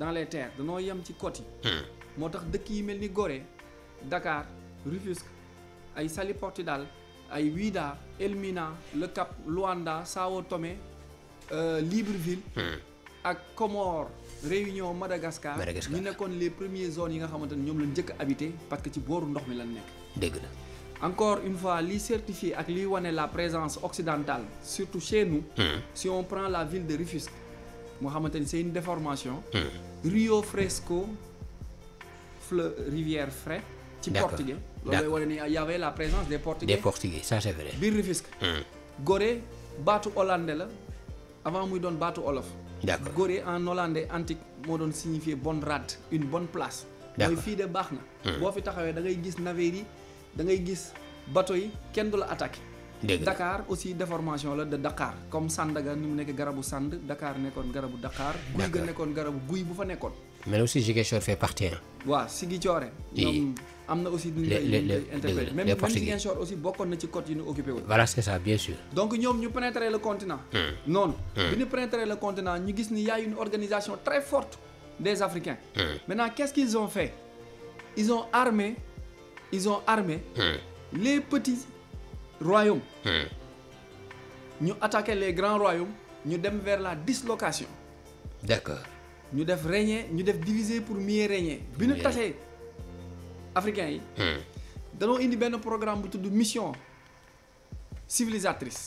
dans les terre danoo yem ci côte yi. Hmm. moo tax dëkk yi mel ni gore Dakar Rufisque ay Saly Portudal ay Ouidah Elmina Le Cap Luanda Sao Tomé euh, Libreville. Hmm. ak Comores Réunion Madagascar. Madagascar ñu nekkoon les premières zones yi nga xamante ne ñoom lañ njëkk a habité parce que ci booru ndox mi lañ nekk. dégg la encore une fois li certifié ak liy wane la présence occidentale surtout chez nous. Hmm. si on prend la ville de Rufisque. moo xamante ni c'est une déformation. Hmm. Rio Fresco fleuve rivière frais. ci portugais loolu wane ni y avait la présence des portugais. des portugais ça c'est vrai. biir Rufisque. Hmm. Gorée baatu hollandais la avant muy doon baatu olof. d'accord Gorée en hollandais antique moo doon signifier bonne rade une bonne place. mooy fii de baax na. Hmm. boo fi taxawee da ngay gis navire yi da ngay gis bateau yi kenn du la attaqué. dëgg Dakar aussi déformation la de Dakar comme Sandaga ni mu nekk garabu Sand Dakar nekkoon garabu Dakar. guy ga nekkoon garabu guy bu fa nekkoon. mais aussi Ziguinchor fait partie. waaw Ziguinchor. ñoom am na aussi. les les les interpellé même même Ziguinchor aussi bokkoon na ci côte yi ñu occupé woon. voilà ça bien sûr. donc ñoom ñu pénétrer le continent. Hmm. noonu. Hmm. bi ñu pénétrer le continent ñu gis ni y' a organisation très forte des Africains. Hmm. maintenant qu' qu' ils ont fait ils ont armé les petits. royaumes. ñu attaquer les grands royaumes ñu dem vers la dislocation. d'accord ñu def régner ñu def diviser pour mieux régner. bi ñu tasee africain yi. danoo indi benn programme bu tudd mission civilisatrice.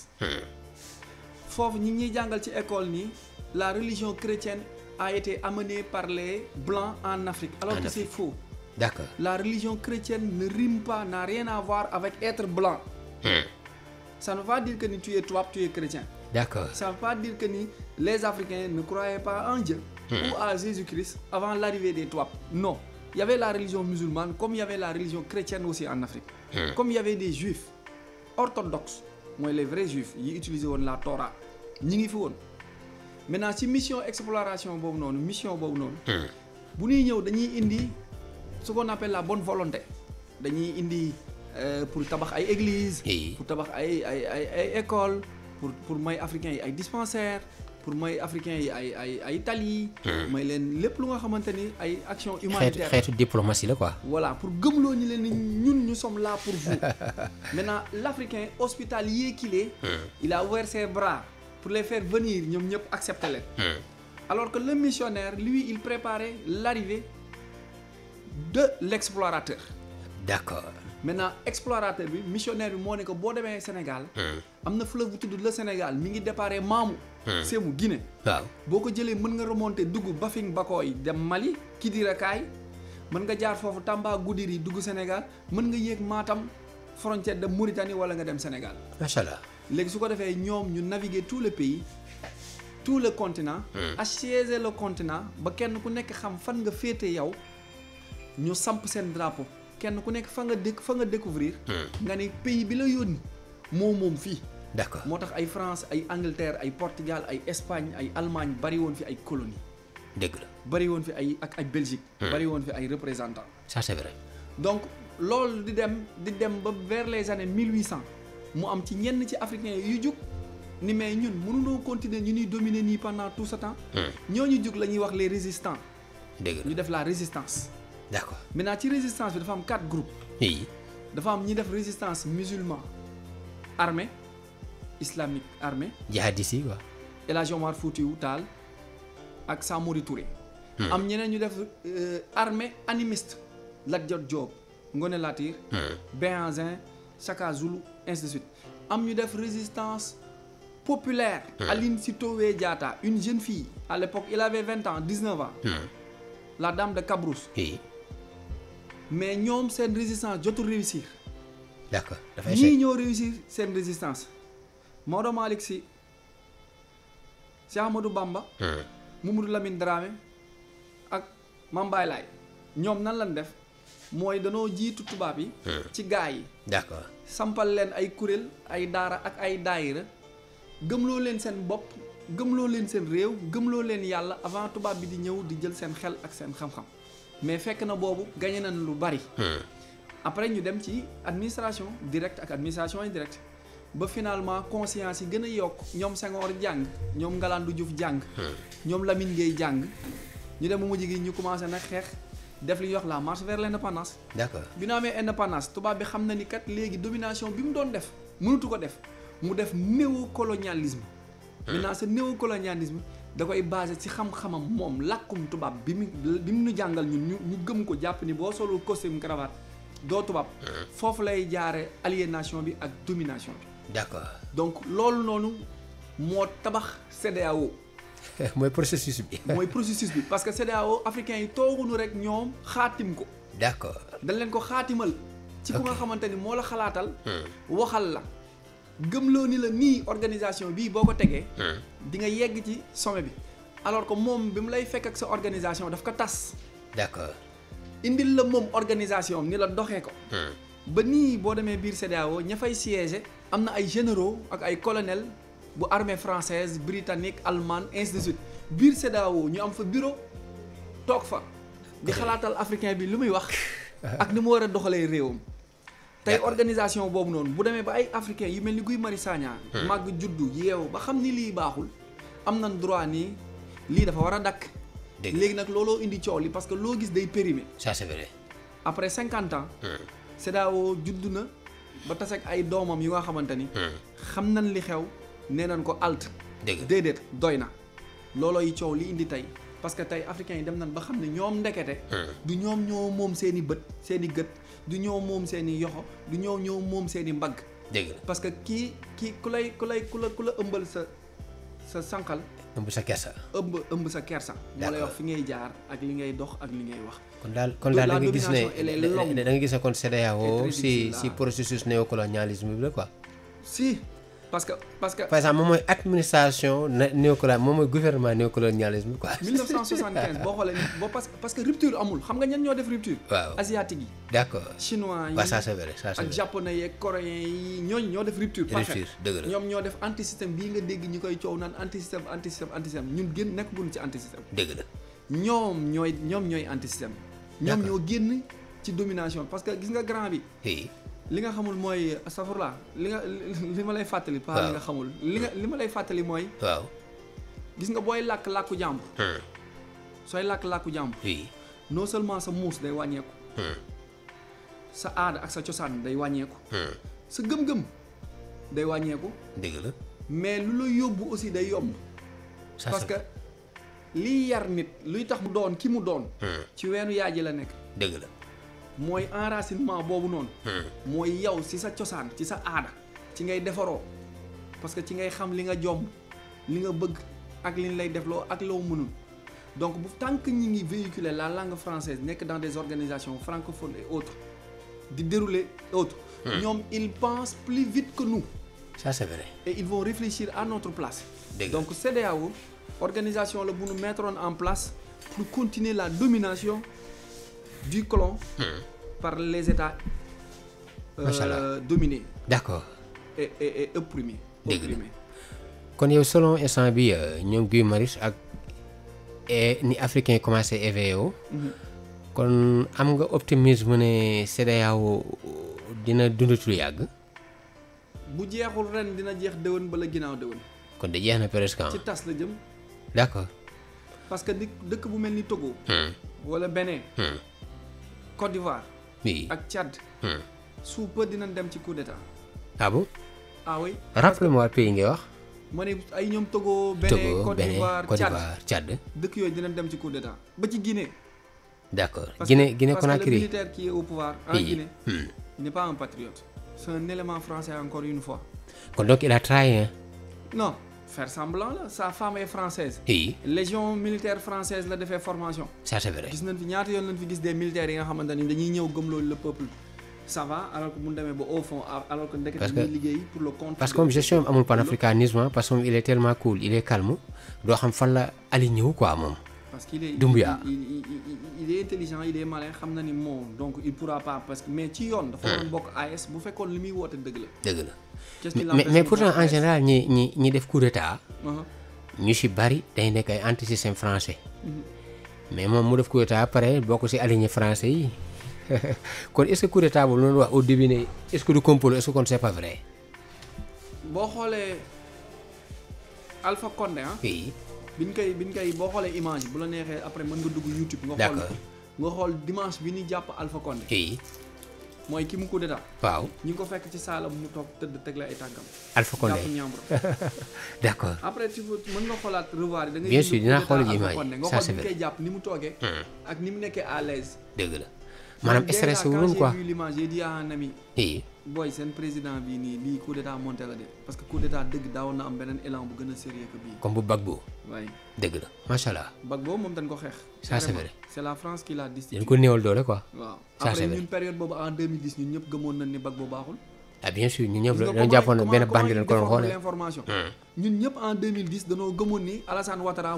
foofu ñi ñuy jàngal ci école nii la religion chrétienne a été amenée par les blancs en Afrique. alors que c'est faux. la religion chrétienne ne rime pas n'a rien avec être blanc. sa hmm. ne veut pas dire que ni tu es toi, tu es chrétien. D'accord. Ça ne veut pas dire que ni les Africains ne croyaient pas en Dieu hmm. ou à Jésus-Christ avant l'arrivée des Touaps. Non. Il y avait la religion musulmane comme il y avait la religion chrétienne aussi en Afrique. Hmm. Comme il y avait des juifs orthodoxes, moi les vrais juifs, ils utilisaient la Torah. Ñi ngi fi woon. Maintenant ci mission exploration boobu noonu mission boobu noonu. Hmm. bu ñuy ñëw dañuy indi ce qu'on appelle la bonne volonté. dañuy indi Euh, pour tabax ay églises. pour tabax ay ay ay ay écoles pour pour may africains yi ay dispensaires pour may africains yi ay ay tali. Hmm. may leen lépp lu nga xamante ni ay actions humanitaires xeetu diplomatie la quoi. voilà pour gëmloo ñu leen ni ñun ñu sommes là pour vous maintenant l' africain hospitalier qu'il est. Hmm. il a ouvert ses bras pour les fair venir ñoom ñëpp accepter leen. Hmm. alors que le missionnaire lui il préparait l'arrivée de l'explorateur. d'accord. maintenant explorateur bi missionnaire bi moo ne ko boo demee Sénégal. Hmm. am na fleuve bu tudd le Sénégal mi ngi déparé Mamou. Hmm. Sémou Guinée. waaw boo ko jëlee mën nga remonter dugg Bafing Bakoy dem Mali Kidira Kaay mën nga jaar foofu Tamba Goudiri dugg Sénégal mën nga yéeg maatam frontière de Mauritanie wala nga dem Sénégal. macha allah léegi su ko defee ñoom ñu naviguer tout le pays. tout le continent. Hmm. assiéger le continent ba kenn ku nekk xam fan nga féete yow ñu samp seen drapeau. kenn ku nekk fa nga dëkk fa nga découvrir hmm. nga ne pays bi la yónni moo moom fii d'accord moo tax ay France ay Angleterre ay Portugal ay Espagne ay Allemagne bari woon fi ay colonie dëgg la bari woon fi ay ak ay Belgique hmm. bari woon fi ay représentants ça c'est donc loolu di dem di dem ba vers les années mille huit cent mu am ci ñenn ci africains yu jug ni mais ñun mënunoo continuer ñu nuy dominer nii pendant tout ce temps hmm. ñooñu jug la ñuy wax les résistants dëgg ñu def la résistance d'accord maintenant ci résistance bi dafa am quatre groupes. dafa am ñi def résistance musulman armée islamique armée. jihadiste yi quoi. El Hadj Omar Foutiyou ak Samori Touré. Hmm. am ñeneen ñu def euh, armée animiste. Lat Dior Diop Ngoné Latyr. Hmm. Béhanzin Chaka Zulu ainsi de suite am ñu def résistance. populaire. Mmh. Aline Sitoé jaata une jeune fii à l'époque il avait vingt ans dix-neuf ans. Hmm. la dame de Cabrousse. Oui. mais ñoom seen résistance jotu réussir. d'accord dafa échec ñii ñoo réussir seen résistance Maodo Malick Sy Cheikh Amadou Bamba. Hmm. Mamadou Lamine Dramé ak Mame ñoom nan lañ def mooy danoo jiitu tubaab yi. Hmm. ci gaa yi. d'accord sampal leen ay kuréel ay daara ak ay daayira gëmloo leen seen bopp gëmloo leen seen réew gëmloo leen yàlla avant tubaab bi di ñëw di jël seen xel ak seen xam-xam. mais fekk na boobu gañe nañ lu bari. Hmm. après ñu dem ci administration directe ak administration direct ba finalement conscience yi gën a yokk ñoom Senghor jàng ñoom Ngalandou Diouf jàng. Hmm. ñoom Lamine Gueye jàng ñu dem ba mujj jigéen ñu commencé nag xeex. def li ñuy wax la marche vers l' indépendance. d' bi ñu amee indépendance tubaab bi xam na ni kat léegi domination bi mu doon def mënatu ko def mu def ma hmm. maintenant sa néocolonialisme da koy basé ci xam-xamam moom làkkum tubaab bi mu bi nu jàngal ñun ñu ñu gëm ko jàpp ni boo solul costume cravate doo tubaab. foofu lay jaare aliénation bi ak domination bi. d'accord donc loolu noonu moo tabax CEDEAO. mooy processus bi. mooy processus bi parce que CEDEAO africain yi tooguñu rek ñoom xaatim ko. d'accord dañ leen ko xaatimal. ci ku nga xamante ni moo la xalaatal. waxal la. gëmloo ni la nii organisation bii boo ko tegee. Hmm. di nga yegg ci sommet bi. alors que moom bi mu lay fekk ak sa organisation daf ko tas. d'accord indil la moom organisation ni la doxee ko. Hmm. ba nii boo demee biir CEDEAO ña fay siéger am na ay généraux ak ay colonels bu armee française britannique allemande ainsi de suite biir CEDEAO ñu am fa bureau toog fa. di xalaatal africain bi lu muy wax. ak ni mu war a doxalee réewam. tey organisation boobu noonu bu demee ba ay africain yu mel ni Guy Marius Sagna hmm. màgg juddu yeewu ba xam ni lii baaxul am nañ droit nii lii dafa war a dakk léegi nag looloo indi coow li parce que loo gis day périmer ça après cinquante ans CEDEAO hmm. judd na ba tas ay doomam yu xamante ni hmm. xam nañ li xew nee nañ ko alt doy na loolooy coow li indi tey parce que tey africains yi dem nañ ba xam ne ñoom ndekete du ñoom ñoo moom seeni bët seen i gët du ñëw moom seen i yoxo du ñëw ñëw moom seen i mbagg. dëgg la parce que kii kii ku lay ku lay ku la ku la ëmbal sa sa sànqal. ëmb sa kersa. ëmb ëmb sa kersa. moo lay wax fi ngay jaar ak li ngay dox ak li ngay wax. kon daal kon daal da nga gis ne da nga gis ne kon CEDEAO si si processus néocolonialisme bi la quoi. si. parce que parce que. par exemple moom mooy administration néocoloniale moom mooy parce que parce que rupture amul xam nga ñenn ñoo def rupture. waaw asiatique yi. d' chinois yi waaw ça c' ak japonais yeeg coréens yi ñooñu ñoo def rupture. rupture dëgg la ñoom ñoo def anti ñoom ñooy ñoom ñooy anti système. ñoom ñoo génn ci domination parce que gis nga grand bi. li nga xamul mooy safurla li nga li ma lay fàttali. waaw li nga xamul li nga li ma lay fàttali mooy. waaw. gis nga booy làkk làkku jàmbur. Hmm. sooy làkk làkku jàmbur. oui non seulement sa muus day wàññeeku. Hmm. sa aada ak sa cosaan day wàññeeku. Hmm. sa gëm-gëm day wàññeeku. dégg la mais lu la yóbbu aussi day yomb. parce que liy yar nit luy tax mu doon ki mu doon. ci weenu yaay ji la nekk. dëgg la. mooy enracinement boobu noonu. Hmm. mooy yow ci sa cosaan ci sa aada. ci ngay defaroo parce que ci ngay xam li nga jomb li nga bëgg ak li liñ lay def loo ak loo mënul donc bu tant que ñi ngi véhiculer la langue française nekk dans des organisations francophones et autres di dérouler autres. Hmm. ñoom ils pensent plus vite que nous. ça c'est vrai. et ils vont réfléchir à notre place. donc CEDEAO organisation la bu nu mettre en place pour continuer la domination. du colon hmm. par les États euh, dominés. d'accord et et et kon yow selon instant bi euh, ñoom Guy Marius ak e, ni africain commencé éveillé mhm. kon am nga optimisme ne CEDEAO dina dundatu yàgg. bu jeexul ren dina jeex dëwën bala ginnaaw dëwën. kon de jeex na presque ci tas la jëm. d'accord. parce que dëkk bu mel ni Togo. Hmm. wala Bénin. Hmm. Côte d'Ivoire. oui ak Tchad. Hmm. sous peu dinañ dem ci coup d'état. ah bon. ah pays ngay wax. ma ne ay ñoom Togo. Bénin Côte d'Ivoire Tchad dëkk yooyu dinañ dem ci coup d'état ba ci Guinée. d'accord Guinée Guinée Conakry parce que le militaire qui est au pouvoir en Guinée. Hmm. n'est pas un patriote. c'est un français encore une fois. kon donc il a trahi. faire semblant la sa femme est française oui légion militaire française la defee formation. ça c'est vrai gis nañ fi ñaata yoon lañ fi gis des militaires yi nga xamante ni dañuy ñëw gëm loolu le peuple ça va alors que bu ñu demee ba que ndeket dañuy liggéey pour ni moom donc il pourra pas parce que mais ci yoon. dafa hmm. doon bokk AS bu fekkoon li muy woote dëgg la. mais mais pourtant en général ñi ñi ñi def coup uh-huh. ñu si bari day nekk ay antisystème français mm-hmm. mais moom mu def coup d'état après bokk si aligné français yi kon est-ce que coup d'état boobu loolu wax au début ne que du complot est que kon c'est pas vrai. boo xoolee Alpha Condé ah. oui. biñ koy biñ koy boo xoolee image bu la neexee après mën nga dugg YouTube. nga xool xool dimanche bi ñu jàpp Alpha Condé. oui. mooy kii mu coup d'état waaw ñu ngi ko fekk ci saalam mu toog tëdd teg la ay tànkam. Alpha Condé jàpp ñàmbur après mën nga xoolaat revoir da nga dinaa xool image Alpha Condé nga jàpp ni mu toogee hmm. ak ni mu nekkee à l'aise dëgg la maanaam stressé wu loon quoi vu l'image yi di yaa nami i booy seen président bii nii lii coup d'état monté la de parce que coup d'état dëgg daawoon na am beneen élan bu gën a sérieux que bii comme bu bag boo dégg la macha allah boo moom dañ ko xeex ça c'est c'est la France qui l'a destitué. dañ ko néewal doole quoi. waaw après ñun période boobu en 2010 ñun ñëpp ah, hmm. ni Alassane Ouattara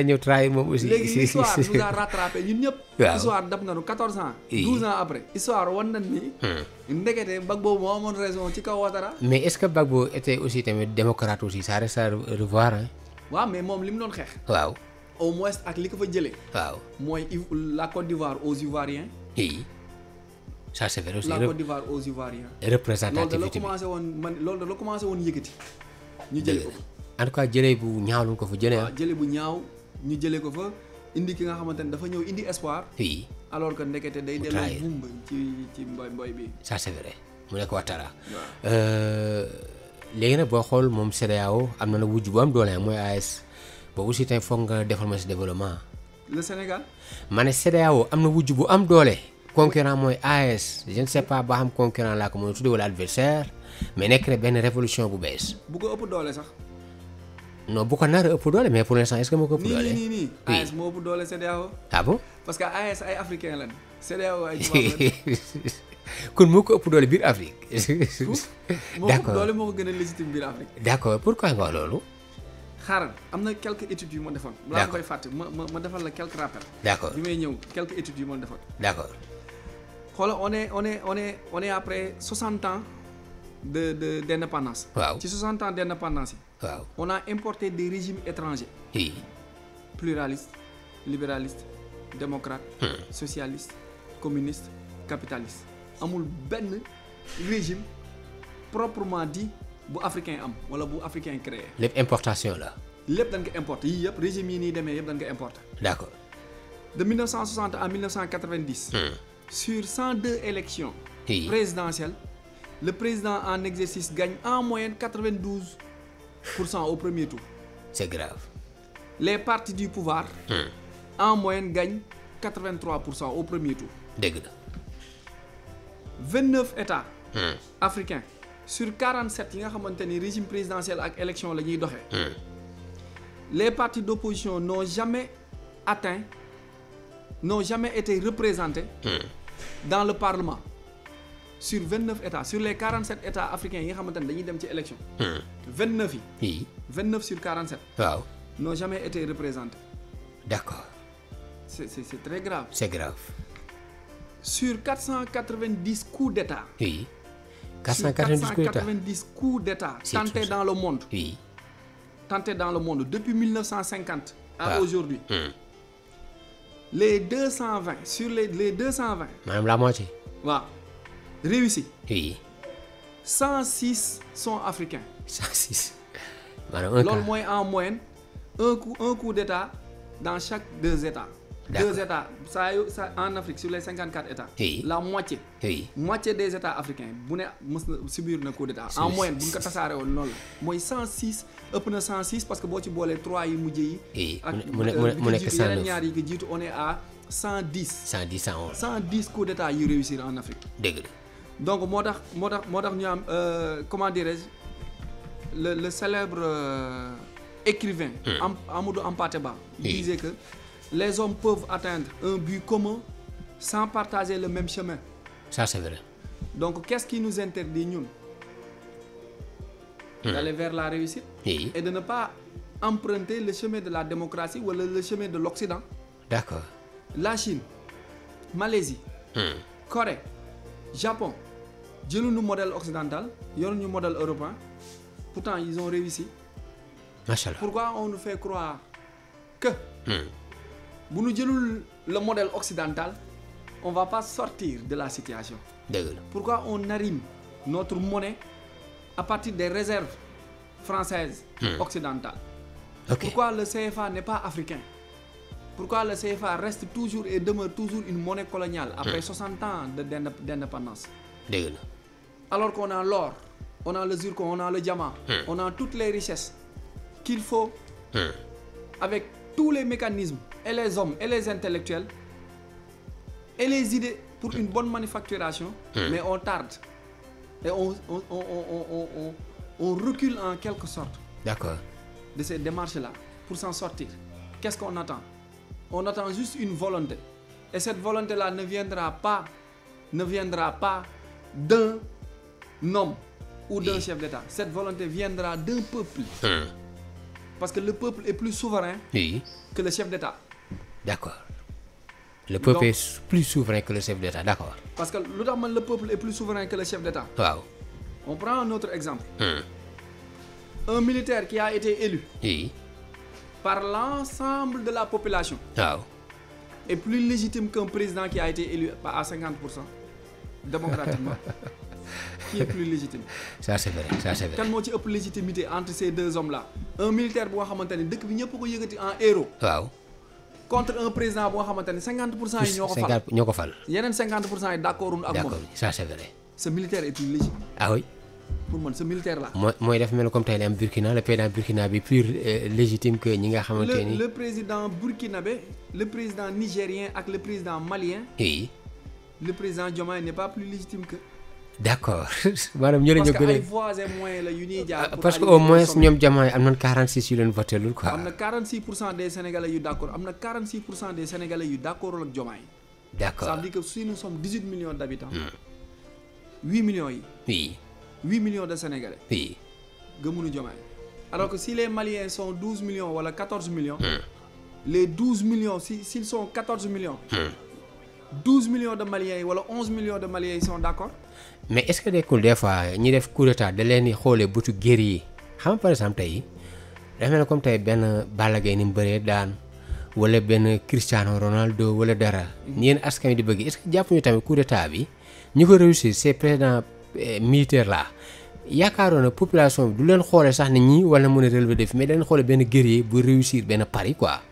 léegi histoire nous a rattrapé ñun ñëpp. waaw histoire dab nañu 14 ans. 12 ans après. histoire wan nañ ni. Hmm. ndekete bac boobu moo amoon raison ci kaw Ouattara. mais est-ce que bac boobu était aussi tamit démocrate aussi ça reste à revoir hein. waaw mais moom li mu doon xeex. waaw. au moins ak li ko fa jëlee. waaw mooy la Côte d'Ivoire aux Ivoiriens. oui ça c'est vrai aussi. la Côte d'Ivoire loolu da la woon man loolu da la commencé woon yëkkati. ñu jëlee ko fa en tout cas jëlee bu ñaaw lañ ko fa jëlee. Ah. jëlee bu ñaaw ñu jëlee ko fa indi ki nga xamante ne dafa ñëw indi espoir. oui alors que ndekete day. mu delloo mumba ci ci mboy mboy bi. ça c'est mu nekk Ouattara. waaw euh, léegi nag boo xool moom CEDEAO am na la wujj bu am doole mooy AES. boobu si tey foog nga defal ma si développement. le Sénégal. ma ne CEDEAO am na wujj bu am doole. concurrent mooy AES je ne pas ba xam concurrent laa ko mën a tuddee wala adversaire mais nekk na benn révolution bu bees. bu ko ëpp doole sax. non a ëpp doole mais pour l'instant est ah moo ko ëpp doole. parce que AES ay africain lañ. CEDEAO ay tubaab lañ. kon biir Afrique. d'accord moo ko a nga wax loolu. xaaral am na quelques études yu ma defoon. d' accord koy fàtte ma ma ma defal la quelques rappels. d' may ñëw quelques études yu ma defoon. d' accord xoolal on est on est on est on est après 60 ans de de d' waaw ci 60 ans indépendance yi. waaw on a importé des régimes étrangers. pluraliste libéraliste démocrate. Hmm. socialiste communiste capitaliste. amul benn régime proprement dit. bu africain am wala bu africain créé. lépp importation la. lépp dañ ko importé yii yëpp régime yi nii demee yëpp dañ ko importé. d' accord de 1960 à 1990. Mmh. sur 102 élections. Oui. présidentielles le président en exercice gagne en moyenne 92 pour cent au premier tour. est grave. les partis du pouvoir. Mmh. en moyenne gagnent 83 pour cent au premier tour. dëgg la. 29 états. Hmm. sur 47 yi nga xamante ni régime présidentiel ak élection la ñuy doxee. Hmm. les partis d'opposition non jamais atteint n'ont jamais été représentés. Hmm. dans le parlement sur 29 états sur les 47 états africains yi nga xamante ni dañuy dem ci élection. 29 hmm. yi. 29 sur 47. waaw n'ont jamais été représentés. d'accord. c'est c'est c'est très grave. c'est grave. sur 490 coups d'état. 490 coups d'État 490 coups dans le monde. oui. tentés dans le monde depuis 1950. à ah. aujourd'hui hum. les 220 sur les les 220. maanaam la moitié. waaw réussi. oui. 106 sont africains. 106 maanaam en moyenne un coup un coup d'État dans chaque deux États. deux états saa yu sa en Afrique sur les cinquante quatre états. la moitié. moitié des états africains bu ne mës na subir na coup d'état en moyenne bu ñu ko tasaare woon loolu la mooy cent six ëpp na cent six parce que boo ci boolee trois yi mujj yi. ak mu euh, nekk cent neuf ñaar yi ko jiitu on est à cent dix. cent dix cent onze. cent dix coup d'état yu réussir en Afrique. dëgg donc moo tax moo tax moo tax ñu am euh, comment dirais le le célèbre euh, écrivain. Hmm. Am Amadou Hampâté Bâ disait que. les hommes peuvent atteindre un but commun sans partager le même chemin. Ça, c'est vrai. Donc, qu'est-ce qui nous interdit, nous, hmm. d'aller vers la réussite et de ne pas emprunter le chemin de la démocratie wala le, le chemin de l'Occident D'accord. La Chine, Malaisie, hum. Corée, Japon, jëluñu modèle occidental yoruñu modèle européen pourtant ils ont réussi. macha allah pourquoi on nous fait croire que. Hmm. bu nu jëlul le modèle occidental on va pas sortir de la situation. dëgg la pourquoi on arrime notre monnaie à partir des réserves françaises. Mmh. occidentales. ok pourquoi le CFA n'est pas africain. pourquoi le CFA reste toujours et demeure toujours une monnaie coloniale. après hmm. soixante mmh. ans de d'indépendance. alors qu'on a l'or on a le zircon on a le diamant. Mmh. on a toutes les richesses qu'il faut. Hmm. avec tous les mécanismes. et les hommes et les intellectuels et les idées pour une bonne manufacturation. Hmm. mais on tarde et on recule en quelque sorte. d'accord de ces démarches là pour s'en sortir qu'est-ce qu'on attend on attend juste une volonté et cette volonté là ne viendra pas ne viendra pas d'un homme ou d'un hmm. chef d'État cette volonté viendra d'un peuple. Hmm. parce que le peuple est plus souverain. que le chef d'État. d'accord le peuple est plus souverain que le chef d'État d'accord. parce que lu tax man le peuple est plus souverain que le chef d'État. waaw. on prend un autre exemple. Hmm. un militaire qui a été élu. par l'ensemble de la population. waaw. est plus légitime qu'un président qui a été élu à cinquante pour cent démocratiquement. qui est plus légitime. ça c'est vrai ça c'est moo ci ëpp légitimité entre ces deux hommes là. un militaire bu nga xamante ne dëkk bi ñëpp ko yëkkati en héros. contre un président boo xamante ne cinquante pour cent yi ñoo ko fal ñoo ko fal yeneen cinquante pour cent yi d' accord ak moom ça c' est militaire est illégitime ah oui pour man ce militaire là mooy mooy dafa mel comme tey li am Burkina le président Burkina bi plus euh, légitime que ñi nga xamante ni le président burkinabé le président nigérien ak le président malien oui le président Diomaye n'est pas plus légitime que d' accord maanaam ñoo leen la yu ñuy jaar euh, parce que au moins ñoom jamono am nañ 46 yu leen am na 46 pour cent des sénégalais yu d' accord am na 46 pour cent des sénégalais yu d' accord ak Diomaye. d' accord ça veut millions d' habitants. 8 hmm. millions yi. oui 8 millions de sénégalais. alors que si les maliens son 12 millions wala 14 millions. Hmm. les 12 millions si sont 14 millions. 12 hmm. millions de maliens yi wala 11 millions de maliens yi sont mais est-ce que nekkul des fois ñi def coup d'état da leen di xoolee bëtu gér yi xam nga par exemple tey dafa comme tey benn Balla Gaye ni mu bëree daan wala benn Cristiano Ronaldo wala dara ñeen askan wi di bëgg est-ce jàpp ñu tamit coup d'état bi ñu ko réussir ces présidents eh, militaires là yaakaaroon na population bi du leen xoolee sax ne ñi wala mën a relever défi mais da xoole xoolee benn guerrier bu réussir benn pari quoi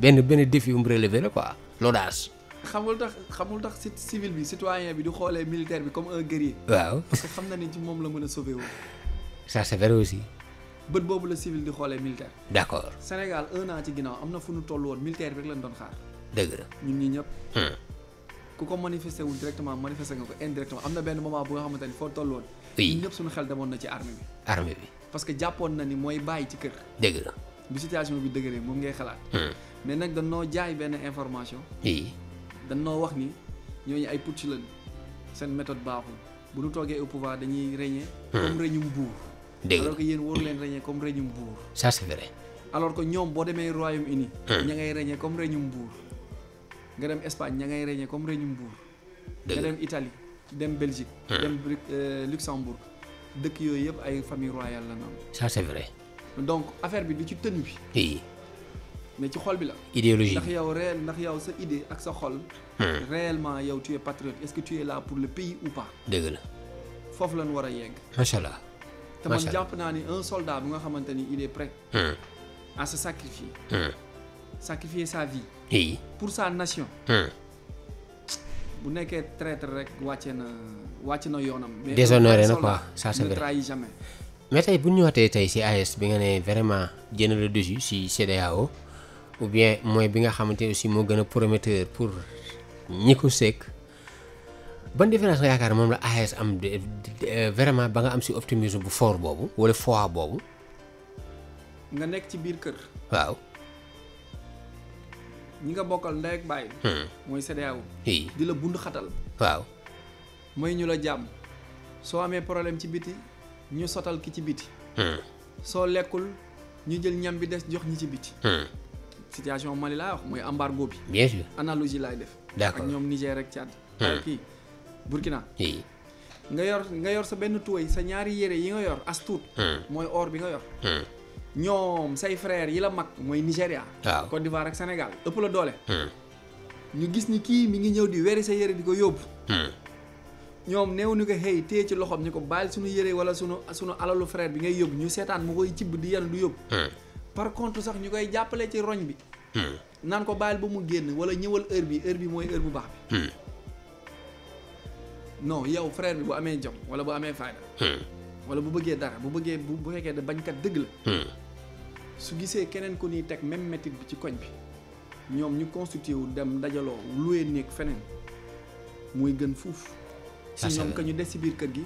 benn benn défi bu mu relever la quoi l'audace xamul tax xamul tax ci civil bi citoyen bi di xoolee militaire bi comme un guerrier. waaw parce que xam na ni ci moom la mën a sauver woo. ça c'est vrai aussi. bët boobu la civil di xoolee militaire. d'accord Sénégal un an ci ginnaw am na fu ñu toll woon militaire bi rek lañ doon xaar. dëgg la ñun ñi ñëpp. Hmm. ku ko manifesté wu directement manifesté nga ko indirectement am na benn moment bu nga xamante ni foo toll woon. ñun ñëpp suñu xel demoon na ci armée bi. parce que jàppoon na ni mooy bàyyi ci kër. dëgg la situation bi dëgëree moom ngay xalaat. Hmm. mais nag dañoo jaay benn information. dañ noo wax ni ñooñu ay putsch lañ seen méthode baaxul bu ñu toogee au dañuy régner. Hmm. comme régnum buur. dëgg alors que leen régner comme régnum buur. ça c'est vrai. alors que ñoom boo demee Royaume-Uni. Hmm. ña ngay régner comme régnum buur. nga dem Espagne ña ngay régner comme régnum buur. nga dem Italie dem Belgique. Hmm. dem euh, Luxembourg dëkk yooyu yëpp ay famille royale la ñu am. ça c'est vrai. donc bi du ci tën bi. mais ci xol bi la. idéologie ndax yow réel ndax yow sa idée ak sa xol. Hmm. réellement yow tu es patriote est-ce que tu es pour le pays ou pas. dëgg la. foofu lañ war a yegg. macha allah te man jàpp naa ni un soldat bu nga xamante ni il est prêt. Hmm. à se sacrifier. Hmm. sacrifier sa vie. oui pour sa nation. bu nekkee traître rek wàcce na wàcc na yoonam. mais déshonoré na quoi ça c'est sa ne trahit jamais. mais tey bu ñu waxtee tey si AES bi nga ne vraiment jënd le dessus si CEDEAO. ou bien mooy bi nga xamante ne aussi moo gën a prometteur pour ñi ko sekk ban différence nga yaakaar moom la AES am euh, vraiment ba nga am si optimisme bu foor boobu wala foi boobu. nga nekk ci biir kër. waaw. ñi nga bokkal ndey ak baay. Hmm. mooy CEDEAO. di la bund waaw. mooy ñu la jàmm soo amee problème ci biti ñu sotal ki ci biti. Hmm. soo lekkul ñu jël ñam bi des jox ñi ci biti. Hmm. situation Mali laa wax mooy embargo bi. bien sûr analogie laay def. d'accord ak ñoom Niger hmm. ak Tchad. kii Burkina. nga yor nga yor sa benn tuway sa ñaari yére yi nga yor as hmm. mooy or bi nga yor. Hmm. ñoom say frair yi la mag mooy Nigéria. waaw di d'Ivoire ak Sénégal ëpp la doole. ñu gis ni kii mi ngi ñëw di weri sa yére bi ko yóbbu. ñoom neewu ni ko xëy téye ci loxoom ni ko baal suñu yére wala suñu sunu alalu frère bi ngay yóbbu ñu seetaan mu koy cibb di yan du yóbbu. par contre sax ñu koy jàppalee ci roñ bi. Hmm. naan ko bàyyil bu mu génn wala ñëwal heure bi heure bi mooy heure bu baax bi. Hmm. non yow frère bi bu amee jom wala bu amee fayda. Hmm. wala bu bëggee dara bu bëggee bu bu fekkee bañkat dëgg la. su gisee keneen ko nii teg même métit bi ci koñ bi ñoom ñu constitué wu dem ndajaloo luwee néeg feneen muy gën fuuf. si ñoom ka ñu des si biir kër gi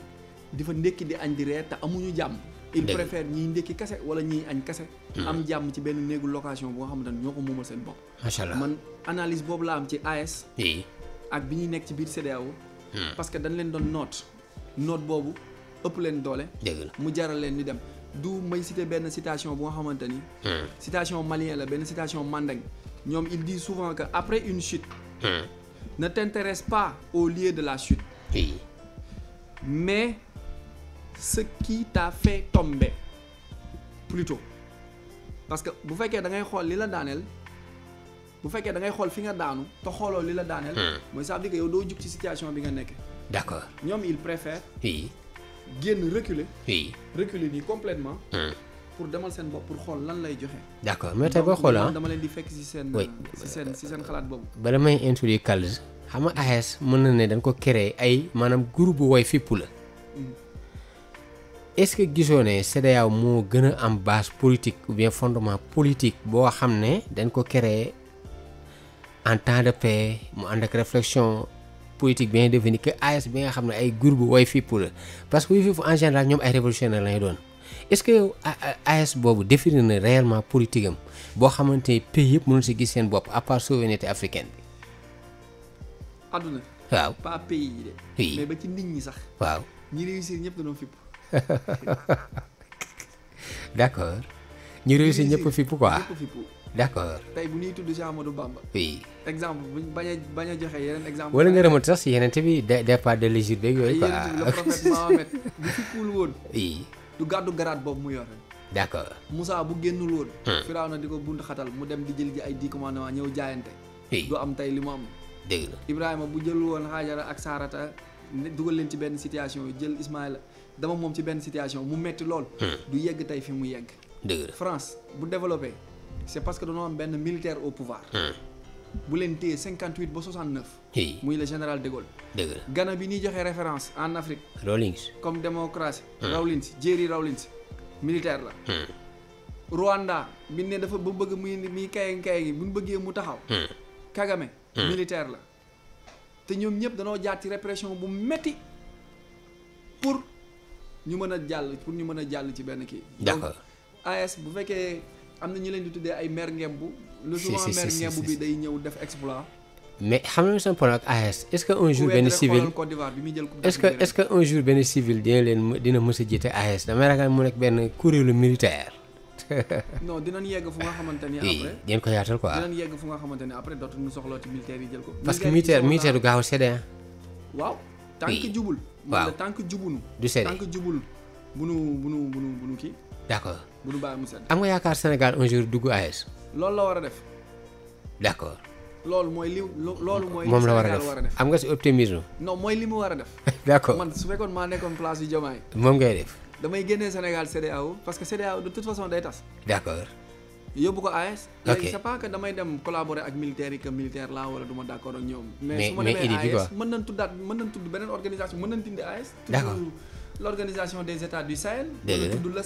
di fa ndékki di añ di reer te amuñu jàmm. il préfère ñiy ndékki kase wala ñiy añ kase hmm. am jàmm ci benn néegu location boo xamante ne ñoo ko moomal seen bopp macha allah man analyse boobu laa am ci AS ak bi ñuy nekk ci biir CEDEAO hmm. parce que dañ leen doon noot noot boobu ëpp leen doole mu jaral leen di dem du may site benn citation bu nga xamante ni hmm. citation malien la benn citation mandeng ñoom il di souvent que après une chute na t'intéresse pas au lieu de la chute mais ce qui t'a fait tomber plutôt parce que bu fekkee da ngay xool li la daaneel bu fekkee da ngay xool fi nga daanu te xooloo li la daaneel. Hmm. mooy ça veut dire yow doo jug ci situation bi nga nekk. d'accord ñoom il préfère. oui génn reculer. oui reculer nii completement hmm. pour demal seen bopp pour xool lan lay joxe. d'accord mais tey boo xool ah dama leen di fekk ci seen. ci seen ci seen xalaat boobu. bala may introduire Kalz xam nga AES mën na ne dañ ko créer ay maanaam groupe woy fipp la. est-ce que gisoo ne CEDEAO moo gën a am base politique ou fondement politique boo xam ne dañ ko créer en temps de paix mu ànd ak réflexion politique bien définie que AES bi nga xam ne ay groupe way fippu la parce que way fippu en général ñoom ay révolutionnaire lañu doon est-ce que yow boobu définir na réellement politique am boo xamante ni pays yëpp mënu si gis seen bopp à part souveraineté africaine bi. waaw sax. d'accord ñu réussir ñëpp fippu quoi ñëpp fippu d'accord tey bu ñuy tudd si Amadou Bamba. oui exemple bu bañ a bañ a joxe yeneen exemple. wala nga remonté sax si yeneen tamit des des pas de l'égir beeg yooyu quoi yeneen tamit le prophète Mohamed bu fippuwul woon. oui du gàddu garaat boobu mu yore. d'accord Moussa bu génnul woon. Hmm. Firawna di ko bunt xatal mu dem di jël ji ay dix commandements ñëw jaayante. du am tey li mu am. dëgg la Ibrahima bu jël woon Haajara ak Saarata dugal leen ci benn situation jël Ismaïla dama moom ci benn situation mu metti lool. Hmm. du yegg tey fi mu yegg. France bu développé c' parce que dañoo am benn militaire au pouvoir. Hmm. bu leen téye cinquante huit ba soixante neuf. muy le général de Gaulle. dëgg la Ghana bi ñuy joxe référence en Afrique. Rawlings comme démocratie. Hmm. Rawlings Jerry Rawlings militaire la. Rwanda bi ne dafa ba bëgg muy muy kaye kaye gi bu mu bëggee mu taxaw. Kagame. militaire la. te ñoom ñëpp danoo jaar ci répression bu metti pour. ñu mën a jàll pour ñu mën a jàll ci benn kii. d'accord donc AS bu fekkee am na ñu leen di tuddee ay mer ngemb. le souvent mer ngemb bi day ñëw def exploit. mais xam nga sama problème ak AS est-ce que un jour benn civil est-ce que est-ce que un jour benn civil dina leen dina a jiite damay ragal mu nekk benn kuréelu militaire. non yegg fu nga xamante ni après ngeen ko yaatal quoi dinañ fu nga xamante ni après dootuñu soxloo ci militaire yi jël ko. parce que militaire militaire du gaaw a waaw tant jubul. waaw tant que jubunu du sedd tant que jubul bunu bunu bunu nu kii d'accord bunu bàyyi mu sedd am nga yaakaar Sénégal un jour dugg loolu la war a def d'accord loolu mooy li loolu mooy moom la war a def am nga si optimisme non mooy li mu war a def d'accord man su fekkoon maa nekkoon place yu Diomaye moom ngay def damay génnee Sénégal CEDEAO parce que CEDEAO de toute façon day tas d'accord yóbbu ko AES. ok c'est pas que damay dem collaborer ak militaire yi que militaire la wala du ma d'accord ak ñoom. mais su ma demee AES mën mën nañ tudd beneen organisation mën nañ dindi AES. d'accord tudd des états du Sahel. dëgg la tudd le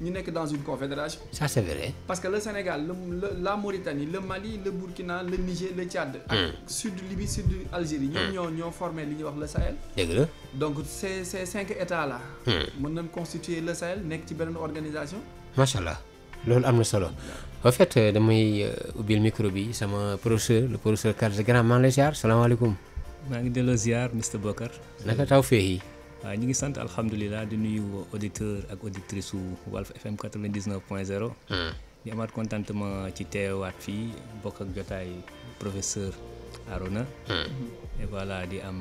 ñu nekk dans une confédération. ça c'est parce que le Sénégal le la Mauritanie le Mali le Burkina le Niger le Tchad. ak hmm. sud Libye sud Algérie. ñoom hmm. ñoo ñoo formé li ñuy wax la sa dëgg la donc ces ces cinq état la hmm. mën nañ constituer le Sahel nekk ci beneen organisation. macha allah. loolu am na solo en fait euh, damay euh, ubbil micro bi sama professeur le professeur Kars Grand maa ngi lay ziar salaamaaleykum. maa ngi delloo ziar Mr Bokar. naka taw féex yi. waaw ñu ngi sant alhamdulilah di nuyu auditeur ak auditrice su Walf FM 99.0. Hmm. di amaat contentement ci teewaat fii bokk ak jotaay professeur Arona. Hmm. et di am.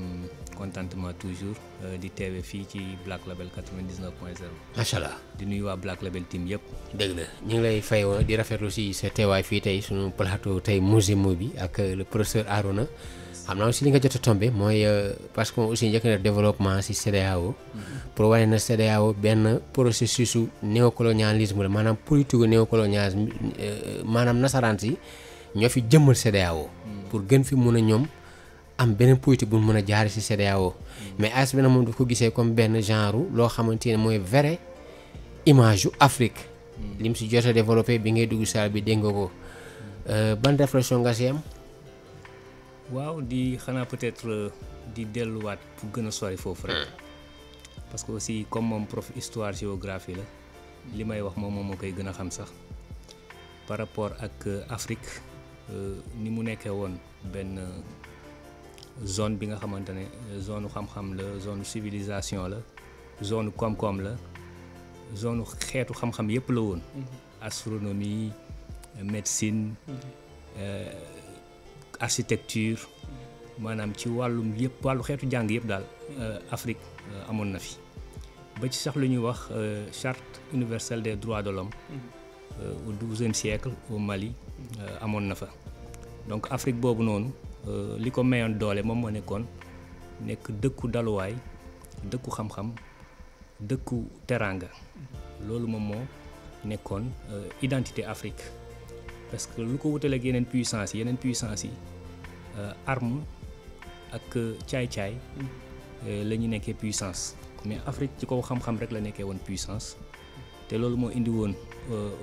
contentement toujours euh, di teewe fii ci Black Label 99 point 0. macha allah di nuyu waa Black Label team yëpp. dëgg la ñu ngi lay fay woon di rafetlu si sa teewaay fii tey suñu plateau tey Mouzimo bi ak euh, le professeur Arona xam naa aussi li nga jot a tombé mooy euh, parce que aussi njëkk na développement si CEDEAO. Mm-hmm. pour wane na CEDEAO benn processus su néocolonialisme la maanaam politique néocolonialisme maanaam nasaraan si ñoo fi jëmmal CEDEAO. Mm. pour gën fi mun a ñoom. am beneen politique bu mën a jaare ci CEDEAO mais AS benn moom du ko gisee comme benn genre loo xamante ne mooy vrai image yu Afrique li mu ci développé bi ngay dugg saal bi dégg nga ko euh, ban réflexion nga waaw di xanaa peut-être euh, di delluwaat pour gën a sori foofu rek parce que aussi comme moom prof histoire géographie la li may wax moom moom moo koy gën a xam sax par rapport ak euh, Afrique ni mu nekkee woon benn zone bi nga xamante ne euh, zone xam-xam la zone civilisation la zone koom-koom la zone xeetu xam-xam yëpp la woon. Mhm. astronomie euh, médecine. Mhm. Euh, architecture. Mhm. maanaam ci wàllum yëpp wàllu xeetu jàng yëpp daal. Afrique amoon na fi. ba ci sax lu ñuy wax charte universelle des droits de l'homme au douzième siècle au Mali amoon na fa donc Afrique boobu noonu. Euh, li ko mayoon doole moom moo nekkoon nekk dëkku daluwaay dëkku xam-xam dëkku teraanga loolu moom moo nekkoon euh, identité Afrique parce que lu ko wutale ak yeneen puissance yi yeneen puissance yi euh, arme ak caay-caay la ñu nekkee puissance mais Afrique ci kaw xam-xam rek la nekkee woon puissance te loolu moo indi woon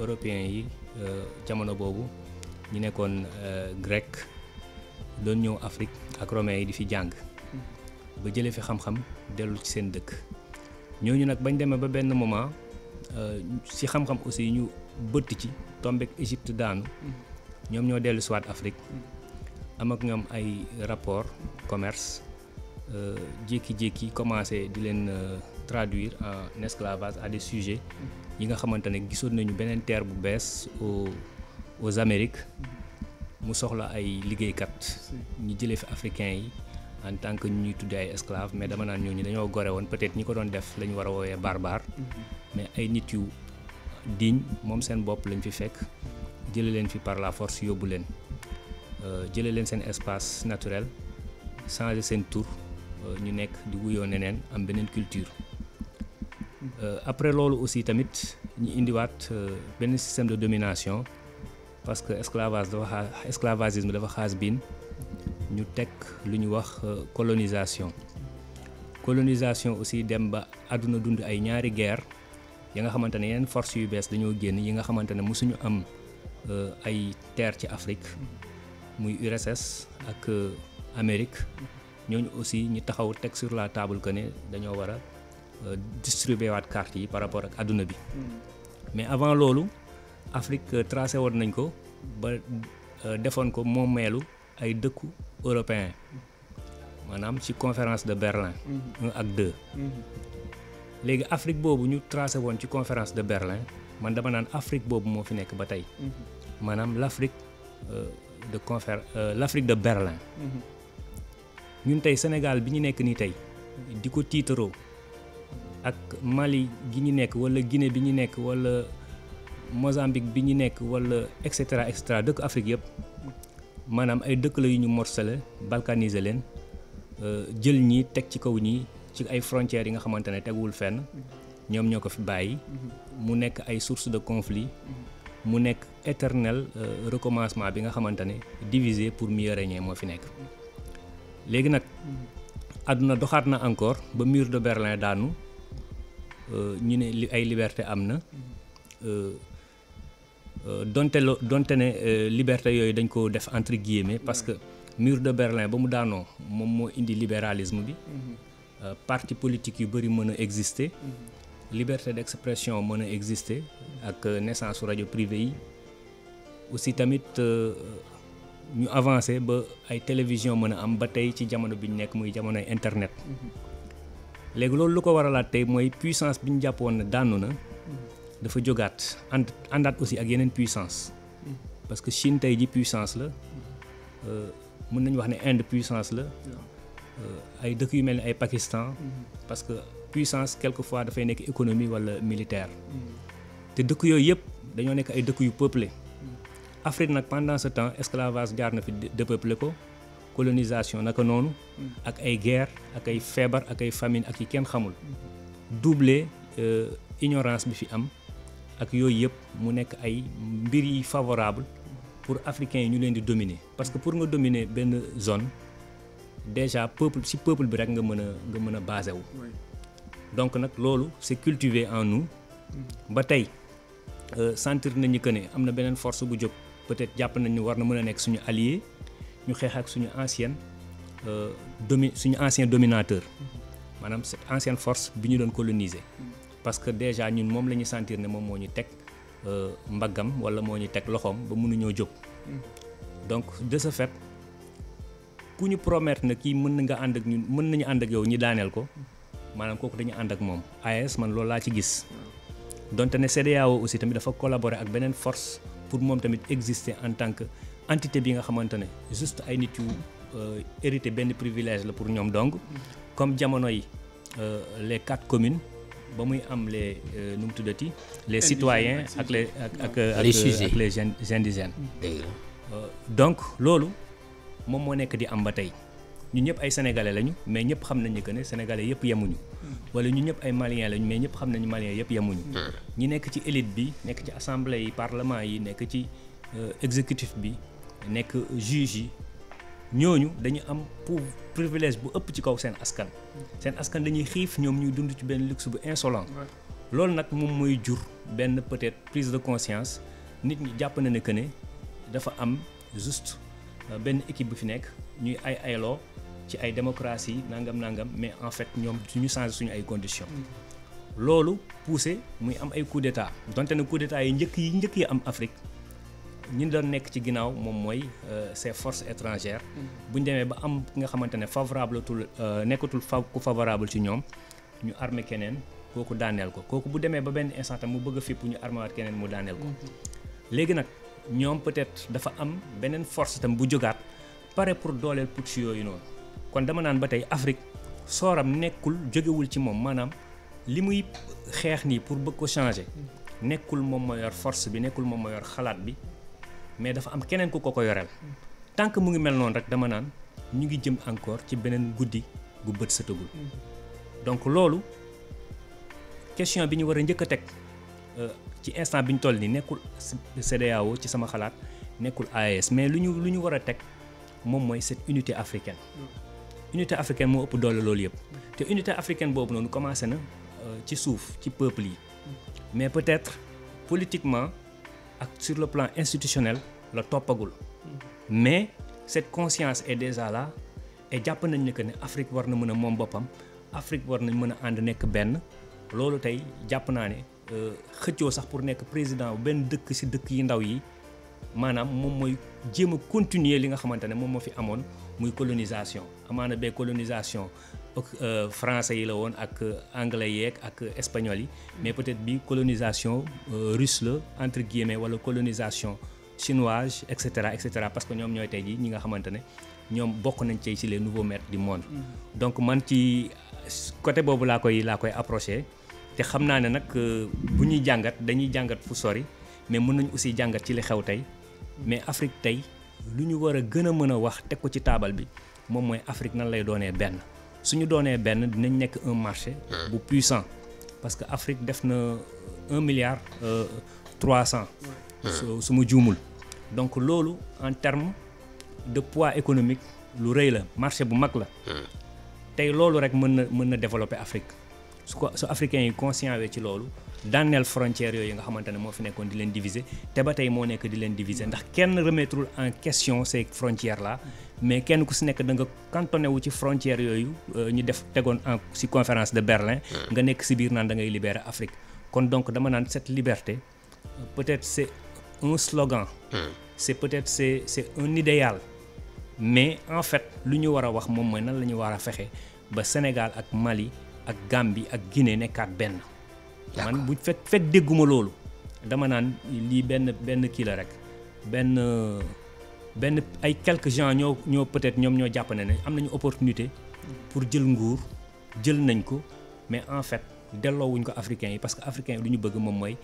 européens yi jamono boobu ñu nekkoon grec doon ñëw Afrique ak romains yi di fi jàng ba jëlee fi xam-xam dellu ci seen dëkk ñooñu nag bañ demee ba benn moment euh, si xam-xam aussi ñu bëtt ci tombek Égypte daanu ñoom ñoo dellu siwaat Afrique am ak ñoom ay rapport commerce euh, jékki-jékki commencé di leen euh, traduire en esclavage à des sujets yi nga xamante ne gisoon nañu beneen terre bu bees aux aux mu soxla ay liggéeykat ñu jëlee fi africain yi en tant que ñuy tuddee ay esclave mais dama naan ñooñu dañoo gore woon peut-être ñi ko doon def la ñu war a woowee mm-hmm. mais ay nit yu digne moom seen bopp lañ fi fekk jële leen fi par la force yóbbu leen euh, jële leen seen espace naturel changer seen tour euh, ñu nekk di wuyoo neneen am beneen culture mm-hmm. euh, après loolu aussi tamit ñu indiwaat benn système de domination parce que esclavage dafa xaa esclavagisme dafa xaas biin ñu teg lu ñu wax euh, colonisation colonisation aussi dem ba àdduna dund ay ñaari guerre yi nga xamante ne yeneen force yu bees dañoo génn yi nga xamante ne mosuñu am euh, ay terre ci Afrique muy URSS ak euh, Amérique ñooñu aussi ñu taxaw teg sur la table que ne dañoo war a distribuer waat yi par rapport ak àdduna bi mm. mais avant loolu Afrique euh, tracé woon nañ ko ba euh, defoon ko moom meelu ay dëkku européen maanaam ci conférence de Berlin. Mm-hmm. un ak deux. Mm-hmm. léegi Afrique boobu ñu tracé woon ci conférence de Berlin man dama naan Afrique boobu moo fi nekk ba tey. Mm-hmm. maanaam l' Afrique euh, de confér l' Afrique de Berlin. ñun tey Sénégal bi ñu nekk nii tey. di ko tiitaroo ak Mali gi ñu nekk wala Guinée bi ñu nekk wala. Mozambique bi ñu nekk wala et cetera et cetera dëkk Afrique yëpp maanaam ay dëkk la yu ñu morcelé balkaniser leen euh, jël ñi teg ci kaw ñi ci ay frontières yi nga xamante ne teguwul fenn ñoom ñoo ko fi bàyyi. mu nekk ay source de conflit. mu nekk éternel euh, recommencement bi nga xamante ne diviser pour mieux régner moo fi nekk. léegi nag àdduna doxaat na encore ba mur de Berlin daanu euh, ñu ne li ay liberté am na. Euh, donte la donte ne euh, liberté yooyu dañ ko def entre guillemets parce que mur de Berlin ba mu daanoo moom moo indi libéralisme bi mm-hmm. euh, parti politique yu bëri mën a exister mm-hmm. liberté d'expression mën a exister ak naissance rajo privé yi aussi tamit ñu avancé ba ay télévision mën a am ba tey ci jamono bi ñu nekk muy jamonoy internet mm-hmm. léegi loolu lu ko waralaat tey mooy puissance bi ñu jàppoon na daanu na dafa jógaat ànd àndaat aussi ak yeneen puissance parce que Chine tey ji puissance la euh, mën nañu wax ne Inde puissance la euh, ay dëkk yu mel ni ay Pakistan parce que puissance quelquefois dafay nekk économie walla militaire te dëkk yooyu yëpp dañoo nekk ay dëkk yu peuplé Afrique nag pendant ce temps esclavage jaar na fi dépeuplé ko colonisation naka noonu ak ay guerre ak ay feebar ak ay famine ak yi kenn xamul doublé euh, ignorance bi fi am ak yooyu yëpp mu nekk ay mbir yi favorable pour africains yi ñu leen di dominer parce que pour nga dominer benn zone déjà peuple si peuple bi rek nga mën a nga mën a basé wu. donc nag loolu c'est cultivé en nous. Mm. ba tey euh, sentir nañu que ne am na beneen force bu jóg peut-être jàpp nañu war na mën a nekk suñu allié ñu xeex ak suñu ancienne euh, domi suñu ancien dominateur mm. maanaam cette ancienne force bi ñu doon coloniser. Mm. parce que déjà ñun moom la ñu sentir ne moom moo ñu teg euh, mbaggam wala moo ñu teg loxoom ba mënuñoo jóg mm. donc de ce fait ku ñu promettre na kii mën na nga ànd ak ñun mën nañu ànd ak yow ñi daaneel ko maanaam kooku dañu ànd ak moom AES man loolu laa ci gis donte ne CEDEAO aussi tamit dafa collaborer ak beneen force pour moom tamit existe en tant que entité bi nga xamante ne juste ay nit yu euh, hérité benn privilège la pour ñoom donc mm. comme jamono yi euh, les quatre communes ba muy am les euh, nu mu tuddati les citoyens ak les ak ak ak les indigènes euh, donc loolu moom moo nekk di am ba tey ñu ñëpp ay sénégalais lañu mais ñëpp xam nañu que ne sénégalais yëpp yemuñu hmm. wala ñu ñëpp ay maliens lañu mais ñëpp xam nañu malien yëpp yemuñu hmm. ñi nekk ci élite bi nekk ci assemblée yi parlement yi nekk ci euh, exécutif bi nekk juge yi ñooñu dañu am pour privilège bu ëpp ci kaw seen askan. seen askan dañuy xiif ñoom ñuy dund ci benn luxe bu insolent. loolu nag moom mooy jur benn peut-être prise de conscience nit ñi jàpp na ne que ne dafa am juste euh, benn équipe bu fi nekk ñuy ay ayloo ci ay démocratie nangam nangam mais en fait ñoom suñu changé suñu ay conditions. Mm. loolu poussé muy am ay coup d'état donte ne coup d'état yi njëkk yi njëkk yi am Afrique. ñi doon nekk ci ginnaaw moom mooy euh, ces forces étrangères. Mm-hmm. bu ñu demee ba am ki nga xamante ne favorable tul euh, nekkatul fa ku favorable ci ñoom ñu armé keneen kooku daaneel ko kooku bu demee ba benn instant mu bëgg a fipp ñu armé waat keneen mu daaneel ko. Mm-hmm. léegi nag ñoom peut-être dafa am beneen force tam bu jógaat pare pour dooleel putsch yooyu noonu kon dama naan ba tey Afrique sooram nekkul jógewul ci moom maanaam li muy xeex nii pour bëgg ko changer. Mm-hmm. nekkul moom moo force bi nekkul moom moo yor xalaat bi mais dafa am keneen ku ko ko yoreel tant que mu ngi mel noonu rek dama naan ñu ngi jëm encore ci beneen guddi gu bët satagul mm. donc loolu question bi ñu war a njëkk a teg euh, ci instant bi ñu toll nii nekkul CEDEAO ci sama xalaat nekkul AES mais lu ñu lu ñu war a teg moom mooy cette unité africaine mm. unité africaine moo ëpp doole loolu yëpp mm. te unité africaine boobu noonu commencé na euh, ci suuf ci peuple yi mais peut-être politiquement ak sur le plan institutionnel la toppagul mais cette conscience est déjà la et jàpp nañ ne que ne Afrique war na mën a moom boppam Afrique war nañ mën a ànd nekk benn loolu tey jàpp naa ne euh, xëccoo sax pour nekk président benn dëkk si dëkk yi ndaw yi maanaam moom mooy jéem a continuer li nga xamante ne moom moo fi amoon muy colonisation amaana bee colonisation Euh, français yi la woon ak euh, anglais yeeg ak euh, espagnol yi mais peut-être bi colonisation russe la entre guillemets wala colonisation chinoise et cetera et cetera parce que ñoom ñoo tey jii ñi nga xamante ne ñoom bokk nañ cey ci les nouveaux maîtres du monde mm-hmm. donc man ci côté boobu laa koy laa koy approché te xam naa ne nag bu ñuy jàngat dañuy jàngat fu sori mais mën nañ aussi jàngat ci li xew tey mais Afrique tey lu ñu war a gën a mën a wax teg ko ci taabal bi moom mooy Afrique nan lay doonee benn suñu doonee benn dinañ nekk un marché hmm. bu puissant parce que Afrique def na un milliard euh, trois cent hmm. su ma juumul donc loolu en terme de poids économique lu rëy la marché bu mag la hmm. tey loolu rek mën na mën na développer Afrique su ko su africains yi conscient ci loolu daaneel frontières yooyu nga xamante ne moo fi nekkoon di leen diviser te ba tey moo nekk di leen diviser ndax kenn remettrul en question ces frontières là mais kenn ku si nekk da nga cantonné wu ci frontière yooyu euh, ñu def tegoon en si conférence de Berlin. Hmm. nga nekk si biir naan da ngay libérer Afrique. kon donc dama naan cette liberté peut-être c'est un slogan. Hmm. c'est peut-être c'est c'est un idéal. mais en fait lu ñu war a wax moom mooy nan la ñu war a fexe ba Sénégal ak Mali ak Gambie ak Guinée nekkaat benn. man bu fekk fekk dégguma loolu dama naan lii benn benn kii la rek benn. benn ay quelque gens ñoo ñoo peut-être ñoom ñoo jàpp ne am nañu opportunité pour jël nguur jël nañ ko mais en fait delloowuñ ko africains yi parce que africains yi lu ñu bëgg moom mooy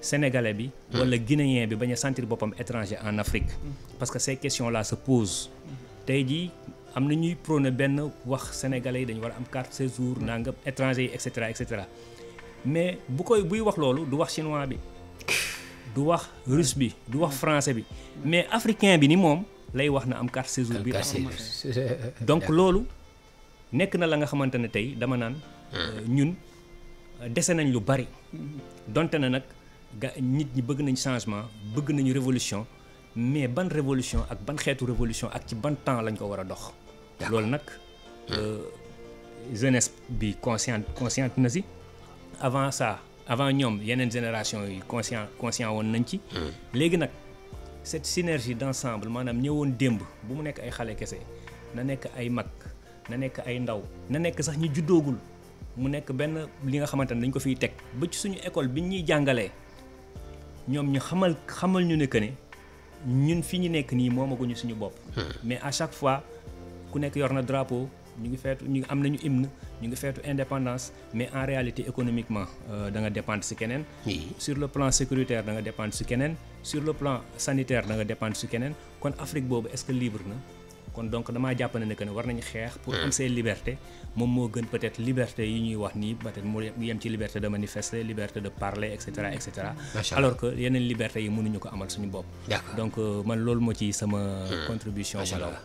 sénégalais bi hmm. wala guinéen bi bañ a sentir boppam étranger en Afrique hmm. parce que ces question là se pose tey jii am na ñuy prôné benn wax sénégalais yi dañu war a am carte séjour hmm. nangam étranger yi et cetera et cetera mais bu koy buy wax loolu du wax chinois bi du wax russe bi du wax français bi mais africain bi ni moom lay wax na am carte séjour bi donc loolu nekk na la nga xamante ne tey dama naan euh, ñun dese nañ lu bari donte na nag ga nit ñi bëgg nañ changement bëgg nañu révolution mais ban révolution ak ban xeetu révolution ak ci ban temps lañ ko war a dox loolu nag hmm. euh, jeunesse bi consciente consciente na si avant ça avant ñoom yeneen génération yi conscient conscient woon nañ ci. Mm. léegi nag cette synergie d' ensemble maanaam ñëwoon démb bu mu nekk ay xale kese na nekk ay mag na nekk ay ndaw na nekk sax ñu juddoogul mu nekk benn li nga xamante ne dañ ko fiy teg ba ci suñu école bi ñuy jàngalee ñoom ñu xamal xamal ñu ne que ne ñun fi ñu nekk nii moomaguñu suñu bopp. Mm. mais à chaque fois ku nekk yor na drapeau. ñu ngi feetu ñu ngi am nañu hymne ñu ngi feetu indépendance mais en réalité économiquement euh, da nga dépendre si keneen. sur le plan sécuritaire da nga dépendre si keneen. sur le plan sanitaire da nga dépendre si keneen kon Afrique boobu est-ce que libre na. kon donc damaa jàpp ne que ne war nañu xeex. pour hmm. am liberté moom moo gën peut-être liberté yi ñuy wax nii peut-être mu yem ci liberté de manifester liberté de parler et cetera et cetera. alors que yeneen liberté yi mënuñu ko amal suñu bopp. donc euh, man loolu moo ci sama. Hmm. contribution. macha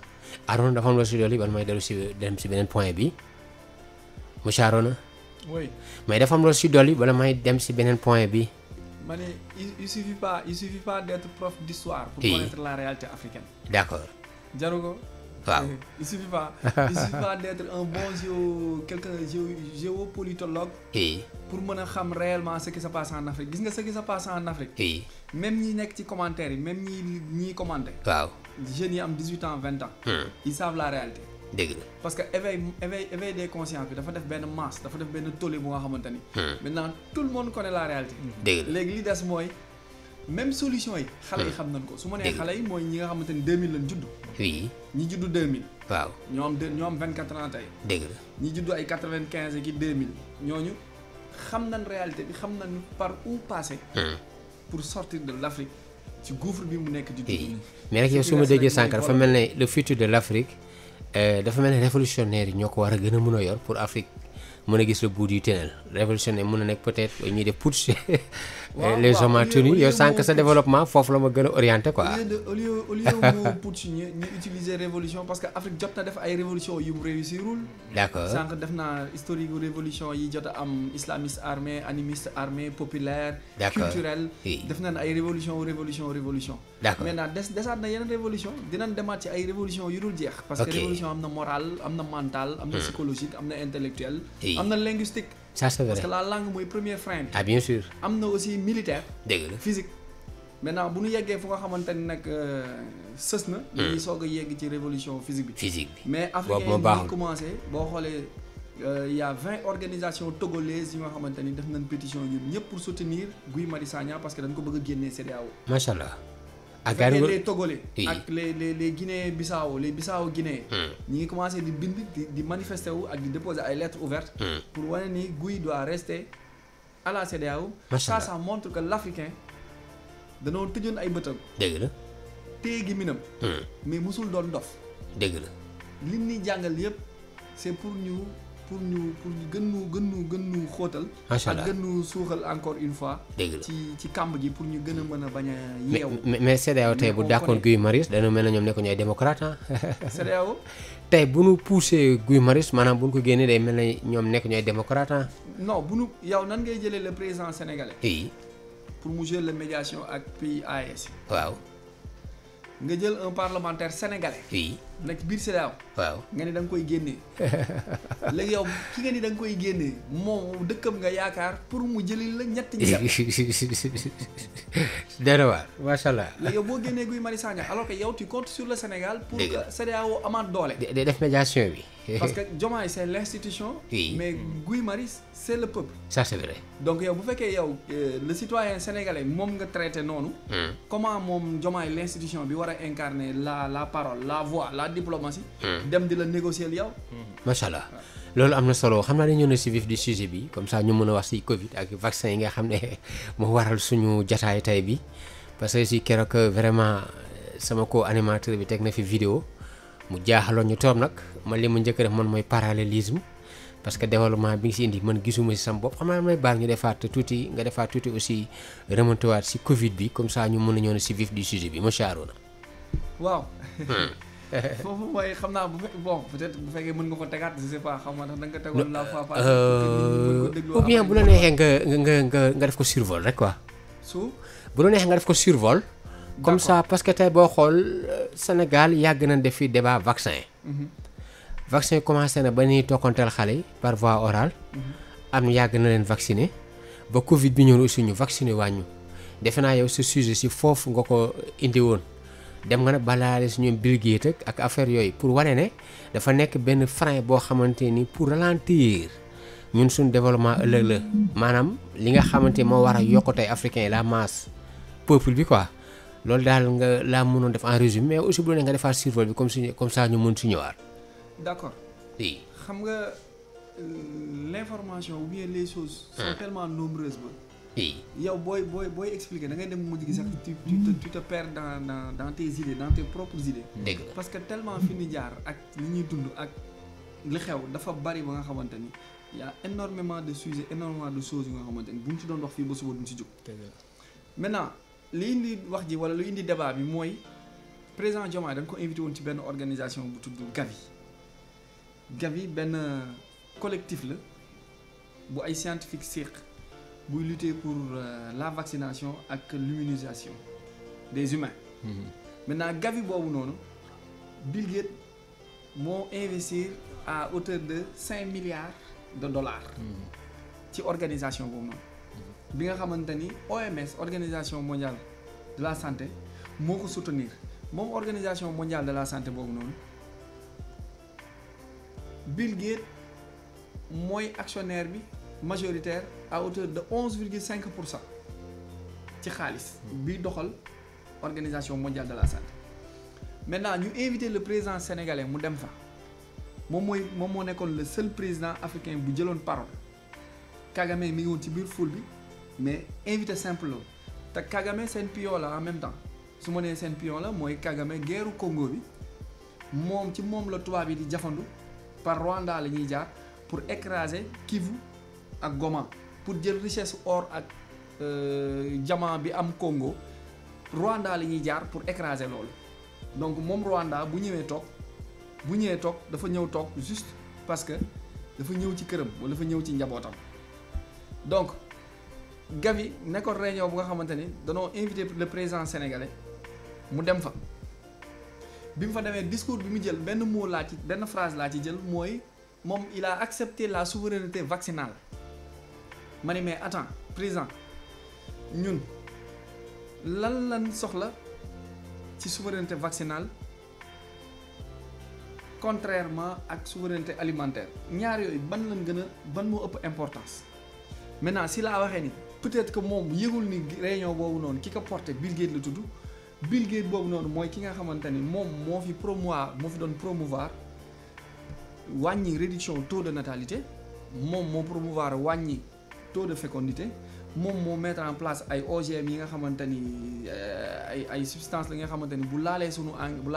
Arona dafa am loo si dolli bala may dellu si dem si beneen point bi monsieur Arona. oui mais dafa am loo si dolli bala may dem si beneen point bi. ma ne il suffit pas il suffit pas d'être prof d'histoire pour connaître la réalité africaine. d'accord. jaru ko. waaw eh, il suffit pas il suffit pas d'être un bon géo quelqu'un géopolitologue pour mën a xam réellement ce qui se passe en Afrique gis nga ce qui se passe en Afrique. même ñi nekk ci commentaire yi même ñi ñiy commenter. waaw. jeunes yi am dix huit ans vingt ans. Hmm. ils la réalité. dëgg la parce que éveil éveil éveil des bi dafa def benn masse dafa def benn tollu bu nga xamante ni. Hmm. maintenant tout le monde connaît la réalité. Hmm. dëgg la léegi li des mooy même solution yi. xale yi xam nañ ko su ma nee xale yi mooy ñi nga xamante ni deux mille lañ judd. oui ñi judd deux mille. waaw ñoo am deux ñoo am vingt quatre ans tey. dëgg la ñi judd ay quatre vingt quinze ki deux mille ñooñu xam nañ réalité bi xam nañ par où passer. pour sortir de l' ci gouffre bi mu nekk di mais nag yow su ma déggee sànq dafa mel ne le futur de l' Afrique euh, dafa mel ne révolutionnaire yi ñoo ko war a gën a mën a yor pour Afrique mën a gis le bout du tunnel révolutionnaire mun a nekk peut-être ñuy def putsch les hommes en tenue yow sànq sa développement foofu la ma gën a orienté quoi. au lieu au lieu moo Poutine ñu utiliser révolution parce que Afrique jot na def ay révolution yu mu réussirul. d' accord sànq def naa historique gu yi jot a am islamiste armée animiste armée populaire. d' accord culturelle def na ay révolution révolution révolution. d' accord maintenant des desaat na yeneen révolution dinañ demaat ci ay révolution yu dul jeex. parce que révolution am na morale am na mental am na hmm. psychologique am na intellectuel am na linguistique. ça c'est parce que la langue mooy premier frein bi. ah bien sûr. am na aussi militaire. dëgg la physique. maintenant bu ñu yeggee fu nga xamante ni nag euh, sës na. Hmm. ñu ngi soog a yegg ci révolution physique bi. physique bi mais africain bi commencé boo xoolee. Euh, y' a vingt organisations togolaises yi nga xamante ni def nañ pétition ñun ñëpp pour soutenir Guy Marius Sagna parce que dañ ko bëgg a génnee CEDEAO. macha allah. ak les Togolais ak les les les Guinée Bissau les Bissau Guinée hmm. ñi ngi commencé di bind di di wu ak di déposer ay lettres ouvertes hmm. pour wane ni Guy doit rester à la CEDEAO ça ça montre que l'Africain danoo tëjoon ay bëtam dégg la téye gi hmm. mais mosul doon dof dégg la li ñuy jàngal yëpp c'est pour ñu pour ñu pour ñu gën ñu gën ñu gën ñu xóotal. macha allah ak gën ñu suuxal encore une fois. dëgg la ci ci kàmb gi pour ñu gën a mën a bañ a. yeewu mais mais CEDEAO tey bu dàkkoon Guy Marius mel na ñoom nekkoon ñooy démocrate ah. CEDEAO tey bu ñu poussé Guy Marius maanaam bu ñu ko génnee day mel ne ñoom nekk ñooy démocrate ah. non bu ñu yow nan ngay jëlee le président sénégalais. oui. pour mu gérer la médiation ak pays AES. waaw. nga jël un parlementaire sénégalais. oui. nag biir CEDEAO. waaw nga ni da koy génne. léegi yow ki nga ni da koy génne moom dëkkam nga yaakaar pour mu jëlil la ñetti ñi dana waar macha allah. léegi yow boo génnee Guy Marius Sagna alors que yow tu comptes sur le Sénégal. pour que CEDEAO amaat doole. day def médiation bi. parce que Diomaye c'est l'institution. mais Guy maris c'est le peuple. ça donc yow bu fekkee yow euh, le citoyen sénégalais moom nga traité noonu. Hmm. comment moom jomaay l'institution bi war a incarner la la parole la voix la diplomatie. Hmm. dem di la négocier yow. Hmm. macha allah loolu am na solo xam naa ne ñëw na si vif du sujet bi comme sax ñu mën a wax si Covid ak vaccin yi nga xam ne moo waral suñu jataay tay bi parce que si keroog euh, vraiment euh, sama co-animateur bi teg na fi vidéo mu jaaxaloon ñu toog nag man li ma njëkk def man mooy parallélisme. parce que développement bi nga si indi man gisuma si sam bopp xam naa may baal ñu defaat tuuti nga defaat tuuti aussi remonté waat si Covid bi comme ça ñu mën a ñëw si vif du sujet bi macha waaw. Hmm. xam naa bu fekkee bu fekkee mën nga ko tegaat je sais pas xam nga da nga tegoon euh, bien bu neexee nga nga def ko survol rek quoi. su bu la nga def ko survol. comme ça parce que tey boo xool euh, Sénégal yàgg na def fi débat vaccin. Mhm. vaccin commencé na ba ñuy tokkanteel xale yi par voie mhm. am yàgg na leen vacciné ba Covid bi ñëw aussi ñu vacciné wàññu defe naa yow sa sujet si foofu nga ko indi woon dem nga ne balaale suñu ñoom Bill Gates ak ak affaire yooyu pour wane ne dafa nekk benn frein boo xamante ni pour ralentir ñun suñu développement ëllëg la maanaam li nga xamante moo war a yokk tey africain yi la masse peuple bi quoi loolu daal nga laa mënoon def en résumé mais aussi bu ne nga defaat d'accord oui xam nga euh, l'information ou bien les choses. sont tellement nombreuses ba. yow booy booy booy expliquer da ngay dem mujj gi sax tu tu te tu te perds dans dans dans tes parce que tellement fi ñu jaar ak li ñuy dund ak li xew dafa bari ba nga xamante ni y a de sujets énormément de choses yu nga xamante ni bu ñu ci doon wax fii ba suba duñ ci jóg. maintenant li indi wax ji wala lu indi débat bi mooy président Diomaye dañ ko invité woon ci benn organisation bu tudd Gavi. Gavi benn collectif la bu ay scientifique séq buy lutter pour euh, la vaccination ak l'immunisation des humains. Mhm. maintenant Gavi boobu noonu Bill moo investir à hauteur de cinq milliards de dollars. Mhm. ci organisation boobu noonu. Mhm. bi nga xamante ni OMS organisation mondiale de la santé moo ko soutenir moom organisation mondial de la santé boobu noonu. Bill Gates mooy actionnaire bi majoritaire à hauteur de onze virgule cinq pour cent ci xaalis. bi doxal organisation mondiale de la santé. maintenant ñu invité le président sénégalais mu dem fa moom mooy moom moo nekkoon le seul président africain bu jëloon parole Kagame mi ngi woon ci biir foule bi mais invité simple la te Kagame seen pion la en même temps su ma nee seen pion la mooy Kagame guerru kongo bi moom ci moom la tubaab yi di jafandu. par Rwanda la ñuy jaar pour écraser Kivu ak Goma pour jël richesse or ak euh, diamant bi am Congo Rwanda la ñuy jaar pour écraser loolu donc moom Rwanda bu ñëwee toog bu ñëwee toog dafa ñëw toog juste parce que dafa ñëw ci këram wala dafa ñëw ci njabootam donc Gavi nekkoon réunion bu nga xamante ni danoo invité le président sénégalais mu dem fa. bi mu fa demee discours bi mu jël benn moo laa ci benn phrase laa ci jël mooy moom il a accepté la souveraineté vaccinale ma ne mais attends président ñun lan lan soxla ci souveraineté vaccinale contrairement ak souveraineté alimentaire ñaar yooyu ban lan gën a ban moo ëpp importance maintenant si laa waxee ni peut-être que moom yëgul ni réunion woowu noonu ki ko porté Bill la tudd Bill Gates boobu noonu mooy ki nga xamante ni moom moo fi promouvoir moo fi doon promouvoir wàññi réduction taux de natalité moom moo promouvoir wàññi taux de fécondité moom moo mettre en place ay OGM yi nga xamante ni euh, ay ay substance la nga xamante ni bu laalee sunu eng bu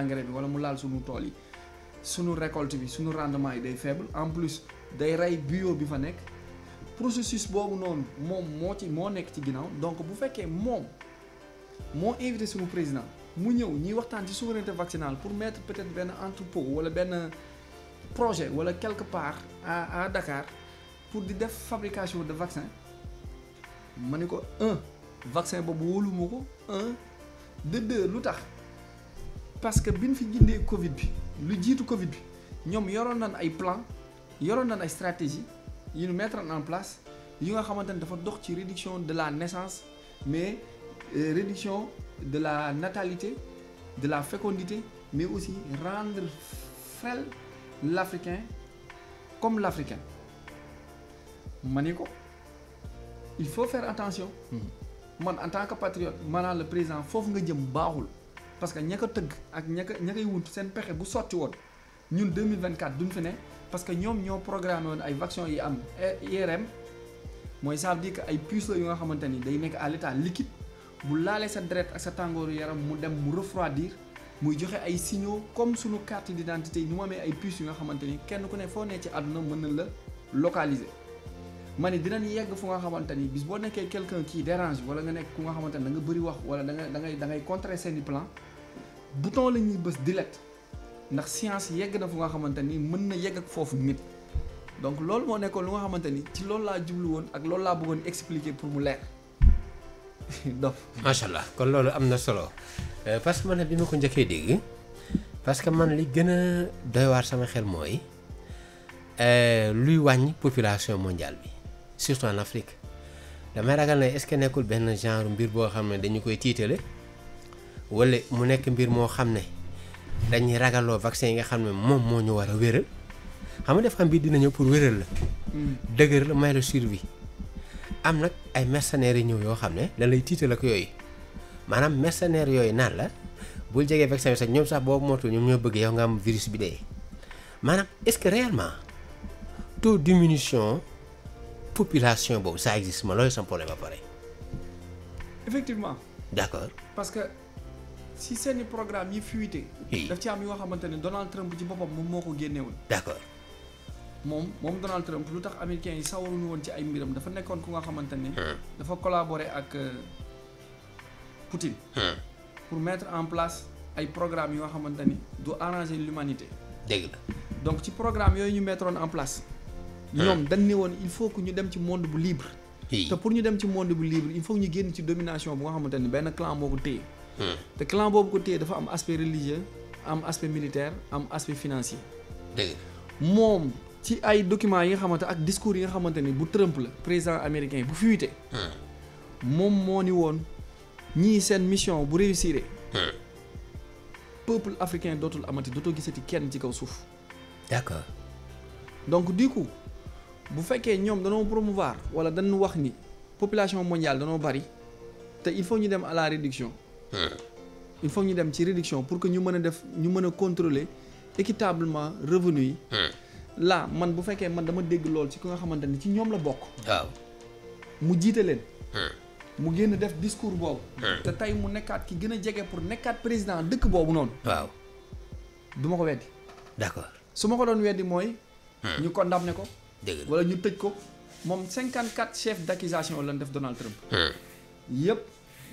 engrais bi wala mu laal sunu tool yi sunu récolte bi sunu rendement yi day faible en plus day rey bio bi fa nekk processus boobu noonu moom moo ci moo nekk ci ginnaaw donc bu fekkee moom. moo invité suma président mu ñëw ñuy waxtaan ci souveraineté vaccinale pour mettre peut-être benn entrepôt wala benn projet wala quelque part à à Dakar pour di def fabrication de vaccin ma ni ko un vaccin boobu wóoluma ko un de lu tax parce que bi ñu fi jindee Covid bi lu jiitu Covid bi ñoom yoroon nañ ay plan yoroon nañ ay stratégie yu ñu mettre en place yu nga xamante ne dafa dox ci réduction de la naissance mais Euh, réduction de la natalité de la fécondité mais aussi rendre frêle l'africain comme l'africain ma ni ko il faut faire attention hmm. man en tant que patriote maanaam le président foofu nga jëm baaxul parce que ña ko tëgg ak ña ko ña koy wut seen pexe bu sotti woon ñun 2024 duñ fi ne parce que ñoom ñoo programmé woon ay vaccin yi am eh, IRM mooy ça di dire ay puces la yu nga xamante ni day nekk à l'état liquide bu laalee sa deret ak sa tàngooru yaram mu dem mu refroidir muy joxe ay signaux comme sunu suñu carte d'identité ñu mu amee ay puces yu nga xamante ni kenn ku ne foo ne ci àdduna mën na la localiser ma ne dinañ yegg fu nga xamante ni bis boo nekkee quelqu'un ki dérange wala nga nekk ku nga xamante ni da nga bëri wax wala da nga da ngay ngay contrer seeni plan bouton la ñuy bës delete ndax science yegg na fu nga xamante ni mën na yegg ak foofu nit donc loolu moo nekkoon lu nga xamante ni ci loolu laa jublu woon ak loolu laa bëggoon expliquer pour mu leer dof macha allah kon loolu am na solo eh, parce que man bi ma ko njëkkee dégg parce que man li gën a doy waar sama xel mooy eh, luy wàññ population mondiale bi surtout en Afrique damay ragal na est-ce que nekkul benn genre mbir boo xam ne dañu koy tiitale walla mu nekk mbir moo xam ne dañuy ragaloo vaccin yi nga xam ne moom moo ñu war a wéral xam ma def xam bi dina ñëw pour wéral la hmm. dëgër la may la survie am nag ay mercenaires yi ñëw yoo xam ne da lay tiital ak yooyu maanaam mercenaires yooyu naan la bul jegee vaccin bi sax ñoom sax boobu mootul ñoom ñoo bëgg yow nga am virus bi dee maanaam est-ce que réellement tout diminution population boobu ça existe ma loolu sama ba pare. effectivement. d'accord parce que si seeni programme yi fuité. daf ci am yoo xamante ne Donald Trump ci boppam moom moo ko génnewul. moom moom Donald Trump lu tax américains yi sawaruñu woon ci ay mbiram dafa nekkoon ku nga xamante ne. Hmm. dafa collaborer ak euh, Poutine. Hmm. pour mettre en place ay programmes yoo xamante ni du arranger l'humanité dégg donc ci programme yooyu ñu mettroon en place. Hmm. ñoom dañ ne woon il faut que ñu dem ci monde bu libre. te pour ñu dem ci monde bu libre il faut ñu génn ci domination bu nga xamante ni benn clan moo ko téye. te clan boobu ko téye dafa am aspe religieux am aspect militaire am aspect financier. dégg ci ay documents yi nga xamante ak discours yi nga xamante ni bu Trump la président américain bu fuité hmm. moom moo ni woon ñi seen mission bu réussir. Hmm. peuple africain dootul amati dootoo gisati kenn ci kaw suuf. d'accord donc du bu fekkee ñoom danoo promouvoir wala dañu wax ni population mondiale danoo bari te il faut ñu dem à la réduction. Hmm. il faut ñu dem ci réduction pour que ñu mën a def ñu mën a contrôler équitablement revenu yi. là man bu fekkee man dama dégg lool ci ku nga xamante ni ci ñoom la bokk. mu jiite leen. Hmm. mu génn def discours boobu. Hmm. te tey mu nekkaat ki gën a jege pour nekkaat président dëkk boobu noonu. waaw du ma ko weddi. d'accord su ma ko doon weddi mooy. Hmm. ñu ne ko. dëgg wala ñu tëj ko moom 54 chefs d'accusation lañ def Donald Trump. yëpp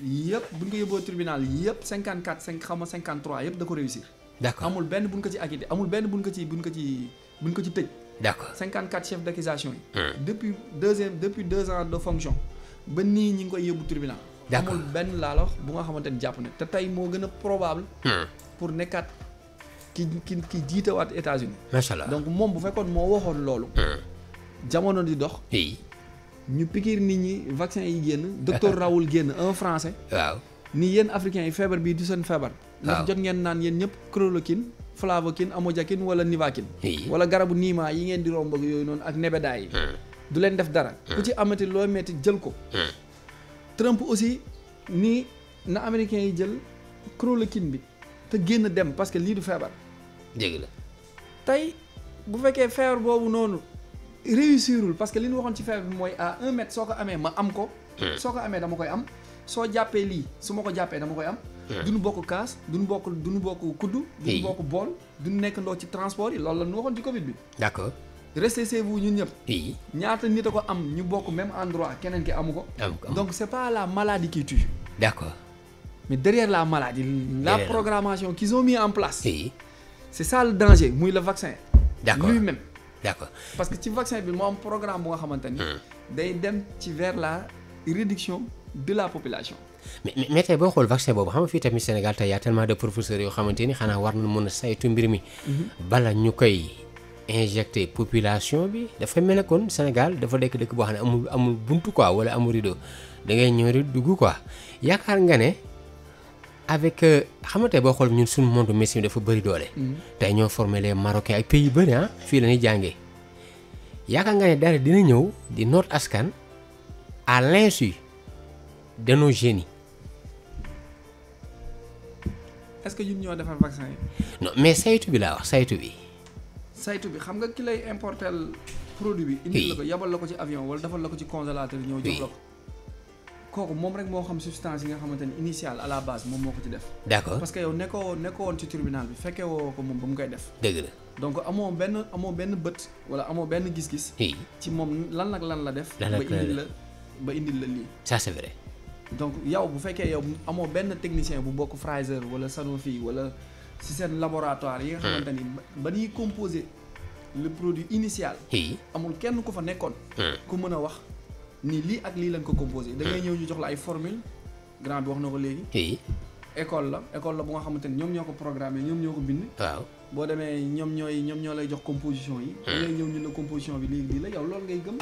yëpp bu ñu ko yóbboo tribunal yëpp 54 5 xaw ma 53 yëpp da ko réussir. d'accord amul benn buñ ko amul benn buñ ko ci buñ ko ci. buñ ko ci tëj. d'accord 54 chefs d'accusation yi. depuis deuxième depuis deux ans de fonction ba nii ñi ngi koy yóbbu tribunal. d'accord amul benn laalox bu nga xamante ni jàpp na te tey moo gën a probable. pour nekkaat ki ki ki jiitawaat États-Unis macha allah donc moom bu fekkoon moo waxoon loolu. jamono di dox. ñu pikiir nit ñi vaccin yi génn. docteur Raoul génn en français. waaw ni yéen africains yi feebar bii du seen feebar. ndax jot ngeen naan yéen ñëpp chloroquine. flavokin amojakin wala nivakin wala garabu niima yi ngeen di romb ak yooyu noonu ak nebedaay yi hmm. du leen def dara hmm. ku ci amati loo metti jël ko hmm. Trump aussi ni na américains yi jël chloroquine bi te génn dem parce que lii du feebar tey bu fekkee feebar boobu noonu réussirul parce que li nu waxoon ci feebar bi mooy à un mètre soo ko amee ma am ko soo ko amee dama koy am soo jàppee lii su ma ko jàppee dama koy am duñu bokk kaas duñu bokk duñu bokk du duñu bokk bool duñu nekk ndoo ci transport yi loolu la ñu waxoon ci covid bi d'accord restez chez vous ñun ñëpp ñaata nit a ko am ñu bokk même endroit keneen ki amu ko donc c'est pas la maladie qui tue d'accord mais derrière la maladie la programmation qu'ils ont mis en place c'est ça le danger muy le vaccin d'accord lui-même d'accord parce que ci vaccin bi moom programme bu nga xamante ni hmm. day dem ci vers la réduction de la population mais mais tey boo xool vaccin boobu xam nga fii tamit Sénégal tey y a de professeurs yoo xamante ni xanaa war na mën a saytu mbir mi. Mhm. bala ñu koy injecté population bi dafa mel ne kon Sénégal dafa dekk dëkk boo xam ne amul amul buntu quoi wala amul rideau da ngay ñëw dugg quoi yaakaar nga ne avec euh, xam boo xool ñun suñu monde médecine dafa bëri doole. Mhm. tey ñoo formé les Marocains ak pays yu bëri ah, fii la ñuy jàngee yaakaar nga ne dara dina ñëw di noot askan à l'insu de nos jeunes que ñun ñoo defar vaccin yi. non mais saytu bi laa wax saytu bi. saytu bi xam nga ki lay importer produit bi. indil la ko yabal la ko ci avion wala defal la ko ci congélateur ñëw jox la ko. kooku moom rek moo xam substance yi nga xamante ni initiale à la base moom moo ko ci def. d'accord parce que yow nekkoo nekkoo woon ci tribunal bi fekkee woo ko moom ba mu koy def. dëgg la donc amoo benn amoo benn bët wala amoo benn gis-gis. ci moom lan nag lan la def. ba indil la ba la lii. ça c'est vrai. donc yow bu fekkee yow amoo benn technicien bu bokk Pfizer wala Sanofi wala si seen laboratoire yi nga hmm. xamante ni ba ñuy composé le produit initial amul kenn ku fa nekkoon hmm. ku mën a wax ni lii ak lii lañ ko composé da ngay hmm. ñëw ñu jox la ay formule grand bi wax na ko léegi école la école la bu nga xamante ni ñoom ñoo ko programmé ñoom ñoo ko bind waaw boo demee ñoom ñooy ñoom ñoo lay jox composition yi da ñëw ñu ne composition bi lii lii la yow loolu ngay gëm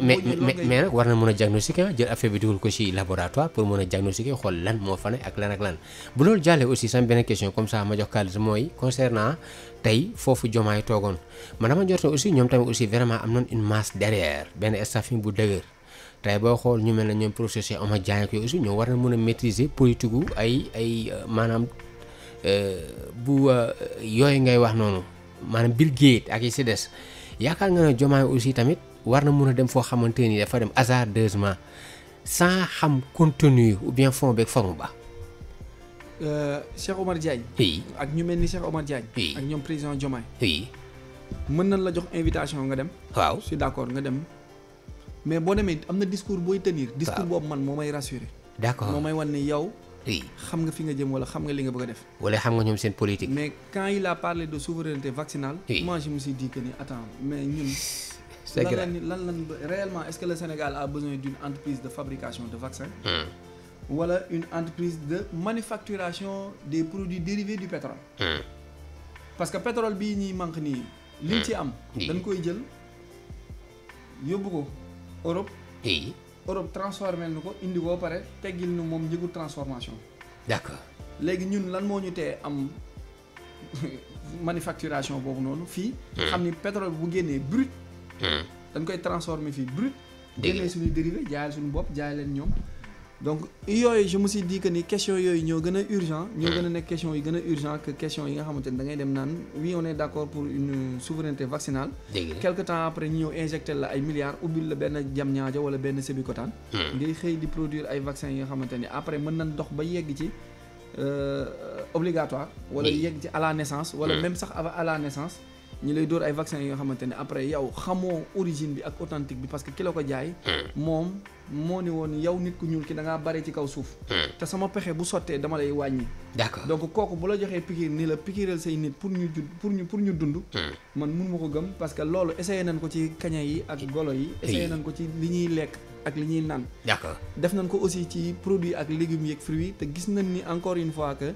mais mais nag war na mën a diagnostiquer ah, jël affaire bi dugal ko ci laboratoire pour mën a diagnostiquer xool lan moo fa ne ak lan ak lan bu loolu jàllee aussi sama benn question comme ça ma jox kàllis mooy concernant tey foofu jomaay toogoon man dama jot aussi ñoom tamit aussi vraiment am nañ une masse derrière benn staffing bu dëgër tey boo xool ñu mel ne ñoom am ama jaay ko aussi ñoom war na mën a maîtriser politique gu ay ay euh, maanaam euh, bu euh, yooyu ngay wax noonu maanaam Bill Gates ak yi si des yaakaar nga ne tamit. war na mun a dem foo xamante ni dafa dem hasardeusement sans xam contenu ou bien fond beeg forme ba. Euh, Cheikh Omar Diagne. oui ak ñu mel ni Cheikh Omar Diagne. ak ñoom président Diomaye. oui. mën nañ la jox invitation nga dem. waaw je suis d'accord nga dem. mais boo demee am na discours booy tenir. discours boobu man moo may rassurer. d'accord moo may wan ni yow. oui xam nga fi nga jëm wala xam nga li nga bëgg def. wala xam nga ñoom seen politique. mais quand il a parlé de souveraineté vaccinale. oui moi je me suis mais c'est clair lan lan réellement est-ce que le Sénégal a besoin d'une entreprise de fabrication de vaccins hmm. wala une entreprise de manufacturation des produits dérivés du pétrole hmm. parce que pétrole bii ñuy manque nii liñ ci hmm. am dañ koy jël yóbbu ko Europe Europe transformé nu ko indi ko pare teggil nu moom njëgu transformation d'accord léegi ñun lan moo ñu tee am manufacturation boobu noonu fii xam ni pétrole bu génnee brut Hmm. dañ koy transformer fii brut génnee suñuy dérivé jaayal suñu bopp jaay leen ñoom donc yooyu je me suis dit ni question yooyu ñoo gën a urgent ñoo gën a hmm. nekk question yi gën a urgent que question yi nga xamante ni da dem naan oui on est d'accord pour une souveraineté vaccinale quelque temps après ñu ñëw injecté la ay milliards ubbil la benn jam ñaajo wala benn sébikotaan hmm. ngay xëy di produire ay vaccins yi nga xamante ni après mën nañ dox ba yegg ci euh, obligatoire wala yegg ci à la naissance wala même sax à la naissance ñu lay dóor ay vaccin yoo xamante ni après yow xamoo origine bi ak authentique bi parce que ki la ko jaay. Hmm. moom moo ne woon yow nit ku ñuul ki da ngaa bare ci kaw suuf. Hmm. te sama pexe bu sottee dama lay wàññi. d'accord donc kooku bu la joxee pikiir ni la pikiiral say nit pour ñu jud pour ñu pour ñu dund. Hmm. man mun ma ko gëm parce que loolu essayé nañ ko ci kaña yi ak golo yi. essayé nañ ko ci li ñuy lekk. ak li ñuy naan. d'accord def nañ ko aussi ci produit ak légumes yeeg fruits te gis nañ ni encore une fois que.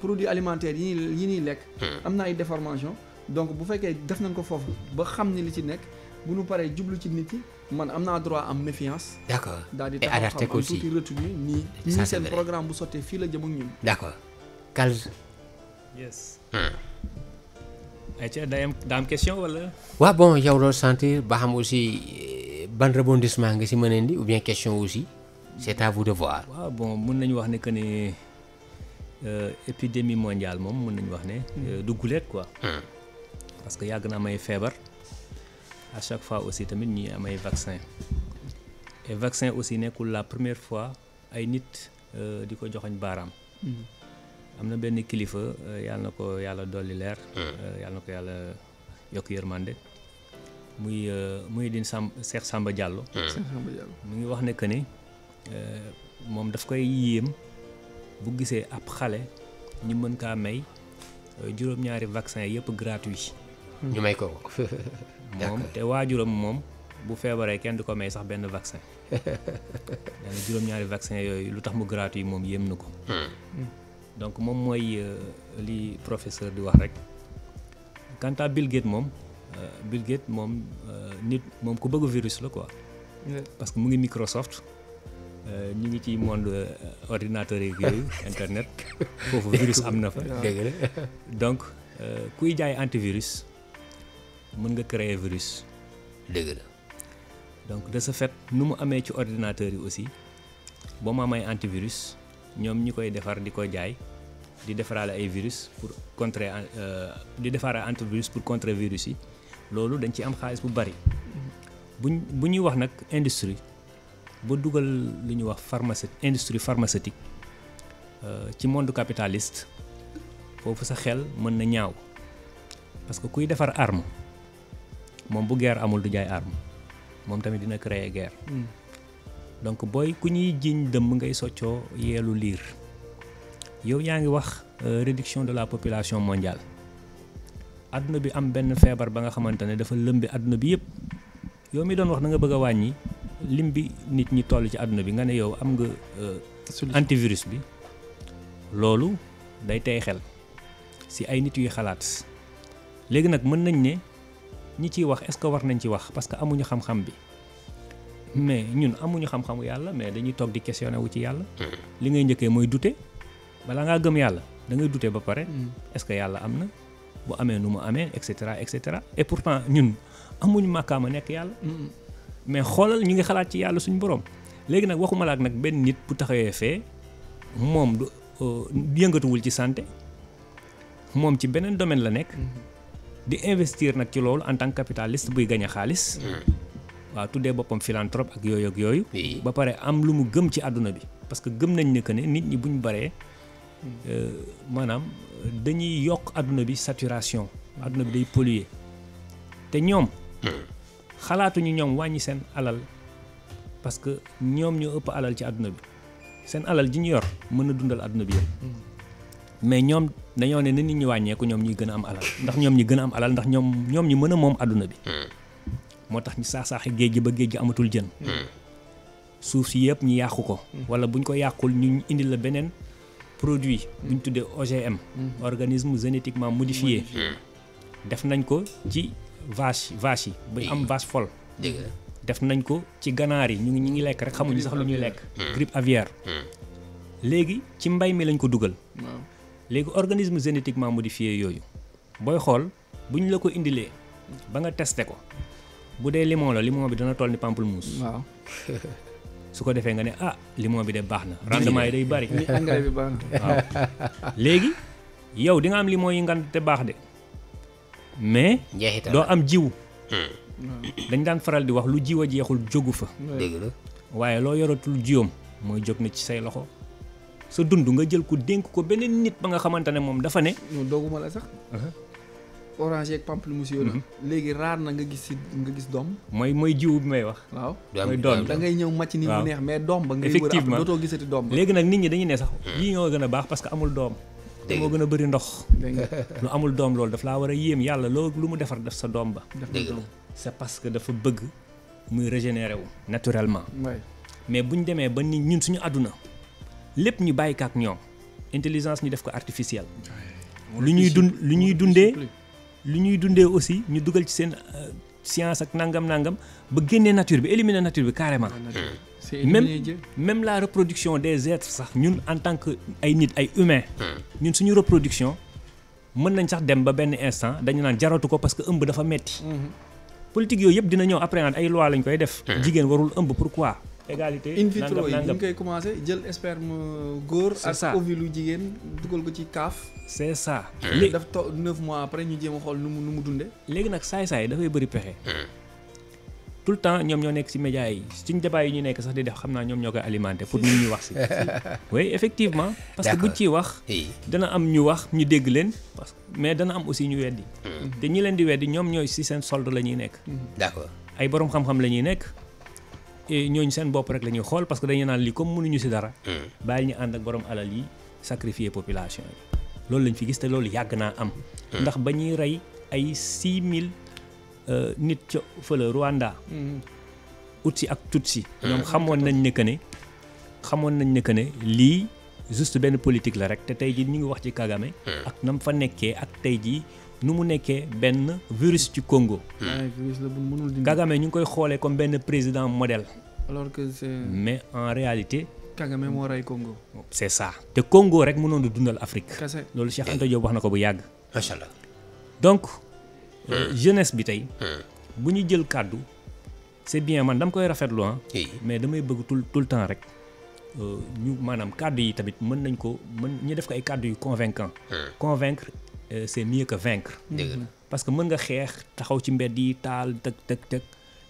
produits alimentaires yi ñuy yi ñuy lekk. am na ay déformation donc bu fekkee def nañ ko foofu ba xam ni li ci nekk bu ñu paree jublu ci nit yi man am naa droit am méfiance. d' accord daal di taxaw xam am tuuti retenue nii nii seen programme bu sottee fii la jëm d' accord Kals. yes. Hmm. ayca day question wala. waa bon yow loolu sentir ba xam aussi eh, ban rebondissement nga si mën a indi ou bien question aussi c' est à vous de voir. waaw bon mun nañu wax ne que ne euh, épidémie mondiale moom mun nañu wax ne hmm. euh, du guleet quoi. Hmm. parce que yàgg na amay feebar à chaque fois aussi tamit ñuy amay vaccin et vaccin aussi nekkul la première fois ay nit euh, di ko joxoñ baaraam mm-hmm. am na benn kilifa euh, yàlla na ko yàlla dolli leer mm. euh, yàlla na ko yàlla yokk yërmande muy muy din sàmm Cheikh Samba Diallo mu ngi wax ne que ne moom daf koy yéem bu gisee ab xale ñu mën kaa may juróom-ñaari vaccin yëpp gratuit ñu may ko moom te waajuram moom bu feebaree kenn du ko may sax benn vaccin nee na ñaari vaccin yooyu lu tax mu gratuit moom yéem na ko hmm. donc moom mooy euh, li professeur di wax rek quant à Bill Gates moom euh, Bill Gates moom euh, nit moom ku bëgg virus la quoi parce que mu ngi Microsoft ñu ngi ci monde ordinateur yeeg internet foofu virus am na fa dégg donc kuy jaay antivirus mën nga créer virus. dëgg la donc de ce nu mu amee ci ordinateur yi aussi boo ma may antivirus ñoom ñi koy defar di ko jaay di defaraale ay virus pour contrer euh, di defaraale antivirus pour contrer virus yi loolu dañ ci am xaalis bu bari. Mm-hmm. buñ bu ñuy wax nag industrie ba dugal lu ñuy wax pharmacie industrie pharmaceutique euh, ci monde capitaliste foofu sa xel mën na ñaaw parce que kuy defar arm moom bu guerre amul du jaay arme moom tamit dina créer guerre hmm. donc booy ku ñuy jiiñ dëmm ngay soccoo yeelu liir yow ñaa ngi wax euh, réduction de la population mondiale adduna bi am benn feebar ba nga xamante ne dafa lëmbi adduna bi yëpp yow mi doon wax na nga bëgg a wàññi lim bi nit ñi toll ci àdduna bi nga ne yow am nga euh, antivirus bi loolu day tey xel si ay nit yuy xalaat léegi nag mën nañ ne ñi ciy wax est-ce que war nañ wax parce que amuñu xam bi mais ñun amuñu xam-xamu yàlla mais dañuy toog di questionné wu ci yàlla. Hmm. li ngay mooy douter balaa ngaa gëm yàlla da ngay douter ba pare. Hmm. est-ce que yàlla am na bu amee nu mu amee et cetera et cetera et pourtant ñun amuñu màkkaama nekk yàlla. Hmm. mais xoolal ñu ngi xalaat ci yàlla suñu borom léegi nag waxuma la nag benn nit bu taxawee fee moom du euh, yëngatuwul ci santé moom ci beneen domaine la nekk. di investir nag ci loolu en tant que capitaliste buy gañ xaalis. Hmm. waa tuddee boppam philanthrope ak yooyu ak yooyu. ba pare am lu mu gëm ci àdduna bi. parce que gëm nañ ne que ne nit ñi bu ñu baree hmm. euh, maanaam dañuy yokk àdduna bi saturation àdduna bi day polluer te ñoom. Hmm. xalaatuñu ñoom wàññi seen alal parce que ñoom ñoo ëpp alal ci àdduna bi seen alal ji ñu yor mën na dundal àdduna bi yëpp mais ñoom. dañoo ne na nit ñi wàññeeku ñoom ñuy gën a am alal ndax ñoom ñi gën a am alal ndax ñoom ñoom ñi mën a moom àdduna bi hmm. moo tax ñu saax-saaxi géej gi ba géej gi amatul jën hmm. suuf si yëpp ñu yàqu ko hmm. wala buñ ko yàqul ñu indi la beneen produit buñ tuddee OGM organisme génétiquement modifié def nañ ko ci vache vache yi ba am vache folle def nañ ko ci ganaar yi ñu ngi ñu ngi lekk rek xamuñu sax lu ñuy lekk grippe aviaire léegi ci mbay mi lañ ko dugal léegi organisme génétiquement modifié yooyu booy xool bu ñu la ko indilee ba nga teste ko bu dee limon la limon bi dana toll ni pamplemousse. waaw su ko defee nga ne ah limon bi de baax na. rendement yi day bari. ni engrais bi baax léegi yow di nga am limon yi nga te baax de mais. doo am jiw. Hmm. Hmm. dañ daan faral di wax lu jiw a jeexul jógu fa. Hmm. waaye loo yoratul jiwam mooy jóg na ci say loxo. sa dund nga jël ko dénk ko beneen nit ba nga xamante ne moom dafa ne. non dooguma la sax. orange ak pamplemousse yooyu. Mhm. léegi raar na nga gis si nga gis doom. mooy mooy jiwu bi may wax. waaw mooy doom da ngay ñëw màcc ni mu mais doom ba. ngay wër ab dootoo gisati doom ba. léegi nag nit ñi dañuy ne sax mm. yii ñoo gën a baax parce que amul doom. dëgg moo gën a bëri ndox. lu amul doom loolu daf laa war a yéem yàlla loo lu mu defar def sa doom ba. dëgg la c'est parce que dafa bëgg muy régénérer wu. naturellement. mais bu ñu demee ba nit ñun suñu àdduna lépp ñu bàyyi ko ak ñoom intelligence ñu def ko artificielle. lu ñuy dund lu ñuy dundee lu ñuy dundee aussi ñu dugal ci seen euh, science ak nangam nangam ba génnee nature bi éliminer nature bi carrément. Hmm. même même la reproduction des êtres sax ñun en tant que ay nit ay humains. Hmm. ñun suñu reproduction mën nañ sax dem ba benn instant dañu naan jaratu ko parce que ëmb dafa metti hmm. politique yooyu yëpp dina ñëw appréhender ay loi lañ koy def. jigéen warul ëmb quoi égalité. in vitro yi ñu koy commencé jël sperme góor. ak ovule jigéen dugal ko ci kaaf. c' ça. Hmm. léegi daf toog 9 mois après ñu jéem a xool nu mu nu mu dundee. léegi nag saay-saay dafay bëri pexe. Hmm. tout le temps ñoom ñoo nekk ci médias yi suñ débat yi ñu nekk sax di def xam naa ñoom ñoo koy alimenté pour ñu ñuy wax ci. oui effectivement. parce que buñ ciy wax. dana am ñu wax ñu dégg leen. parce que mais dana am aussi ñu weddi. Hmm. te ñi leen di weddi ñoom ñooy si seen solde la ñuy nekk. d' ay borom xam la ñuy nekk. ñooñu seen bopp rek lañuy xool parce que dañu naan lii comme mënuñu si dara. Mm. bàyyi ñu ànd ak borom alal yi sacrifier population loolu lañ fi gis te loolu yàgg naa am. Mm. ndax ba ñuy rey ay 6000 euh, nit ca fële Rwanda. Mm. Utsi ak si ñoom xamoon nañ ne que ne xamoon nañ ne que ne lii juste benn politique la rek te tey jii ñu ngi wax ci Kagame. ak nam fa nekkee ak tey jii. ni mu nekkee benn virus ci Congo. virus la bu Kagame ñu ngi koy xoolee comme benn président modèle. alors que mais en réalité. Kagame moo rey Congo. c'est ça te kongo rek mënoon di dundal Afrique. loolu Cheikh Anta Diop wax na ko bu yàgg. macha allah donc. Euh, hmm. jeunesse bi tey. Hmm. bu ñu jël kàddu. c'est bien man dama koy rafetlu ah. mais damay bëgg tout le temps rek. Euh, ñu maanaam kàddu yi tamit mën nañ ko mën ñu def ko ay kàddu yu convaincant. Hmm. convaincre Euh, c'est mieux que vaincre. parce que mën nga xeex taxaw ci mbedd yi taal tëg tëg tëg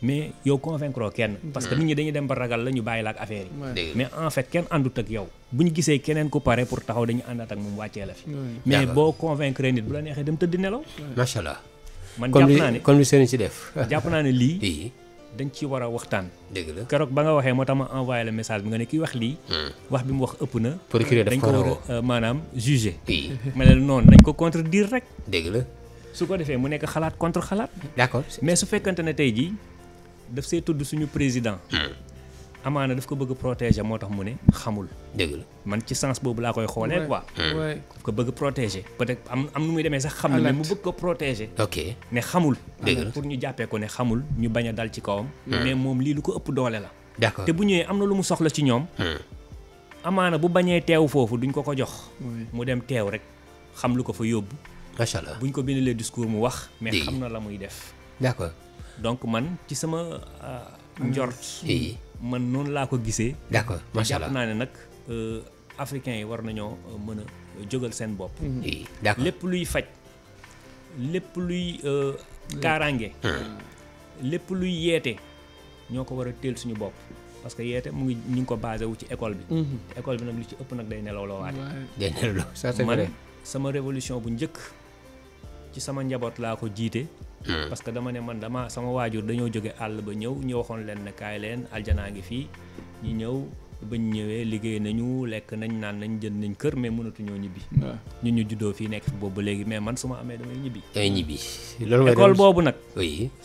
mais yow convaincre kenn. parce que nit ñi dañuy dem ba ragal la ñu bàyyi la ak affaire yi. mais en fait kenn àndut ak yow. bu ñu gisee keneen ku pare pour taxaw dañu àndaat ak moom wàccee la fi. mais boo convaincre nit bu la neexee dem tëdd nelaw. macha allah man jàpp naa ne comme li seen si def. jàpp naa ne lii. dañ ci war a waxtaan. dëgg la keroog ba nga waxee moo tax ma envoyé le message bi nga ne ki wax lii. Hmm. wax bi mu wax ëpp na. procureur dañ ko war a euh, maanaam jugé. ma ne noonu nañ ko diir rek. dëgg la su ko defee mu nekk xalaat contre xalaat. d'accord mais su fekkante ne tey jii daf see tudd suñu président. Hmm. amaana daf ko bëgg protéger moo tax mu ne xamul. dëgg man ci sens boobu laa koy xooleel quoi. Hmm. ko bëgg protéger peut-être am am nu muy demee sax xam ne mu bëgg ko protéger. ok ne xamul. dëgg la pour ñu jàppee ne xamul ñu bañ a dal ci kawam. Hmm. mais moom lii lu ko ëpp doole la. d'accord te bu ñëwee am na lu mu soxla ci ñoom. Hmm. amaana bu bañee teew foofu duñ ko ko jox. mu dem teew rek xam lu ko fa yóbbu. macha allah buñ ko bindalee discours mu wax. mais xam na la muy def. d'accord donc man ci sama euh, njort. man noonu laa ko gisee. d'accord macha allah naa ne nag euh, africains yi war nañoo euh, mën a jógal seen bopp. Mm-hmm. d'accord lépp luy faj lépp luy euh, kaaraange. Mm. lépp luy yeete ñoo ko war a teel suñu bopp. parce que yeete mu ngi ñu ngi ko basé wu ci école bi. Mm-hmm. te école bi nag lu ci ëpp nag day nelaw la waate. day man sama révolution bu njëkk ci sama njaboot laa ko jiite. Hmm. parce que dama ne man dama sama waajur dañoo jóge àll ba ñëw ñu waxoon leen ne kaay leen aljanaa ngi fii ñu ñëw bañ ñëwee liggéey nañu lekk nañ naan nañ jënd nañ kër mais mënatuñoo ñibbi. ñu ñu juddoo fii nekk fi boobu léegi mais man su ma amee damay ñibbi. damay ñibbi loolu école boobu nag.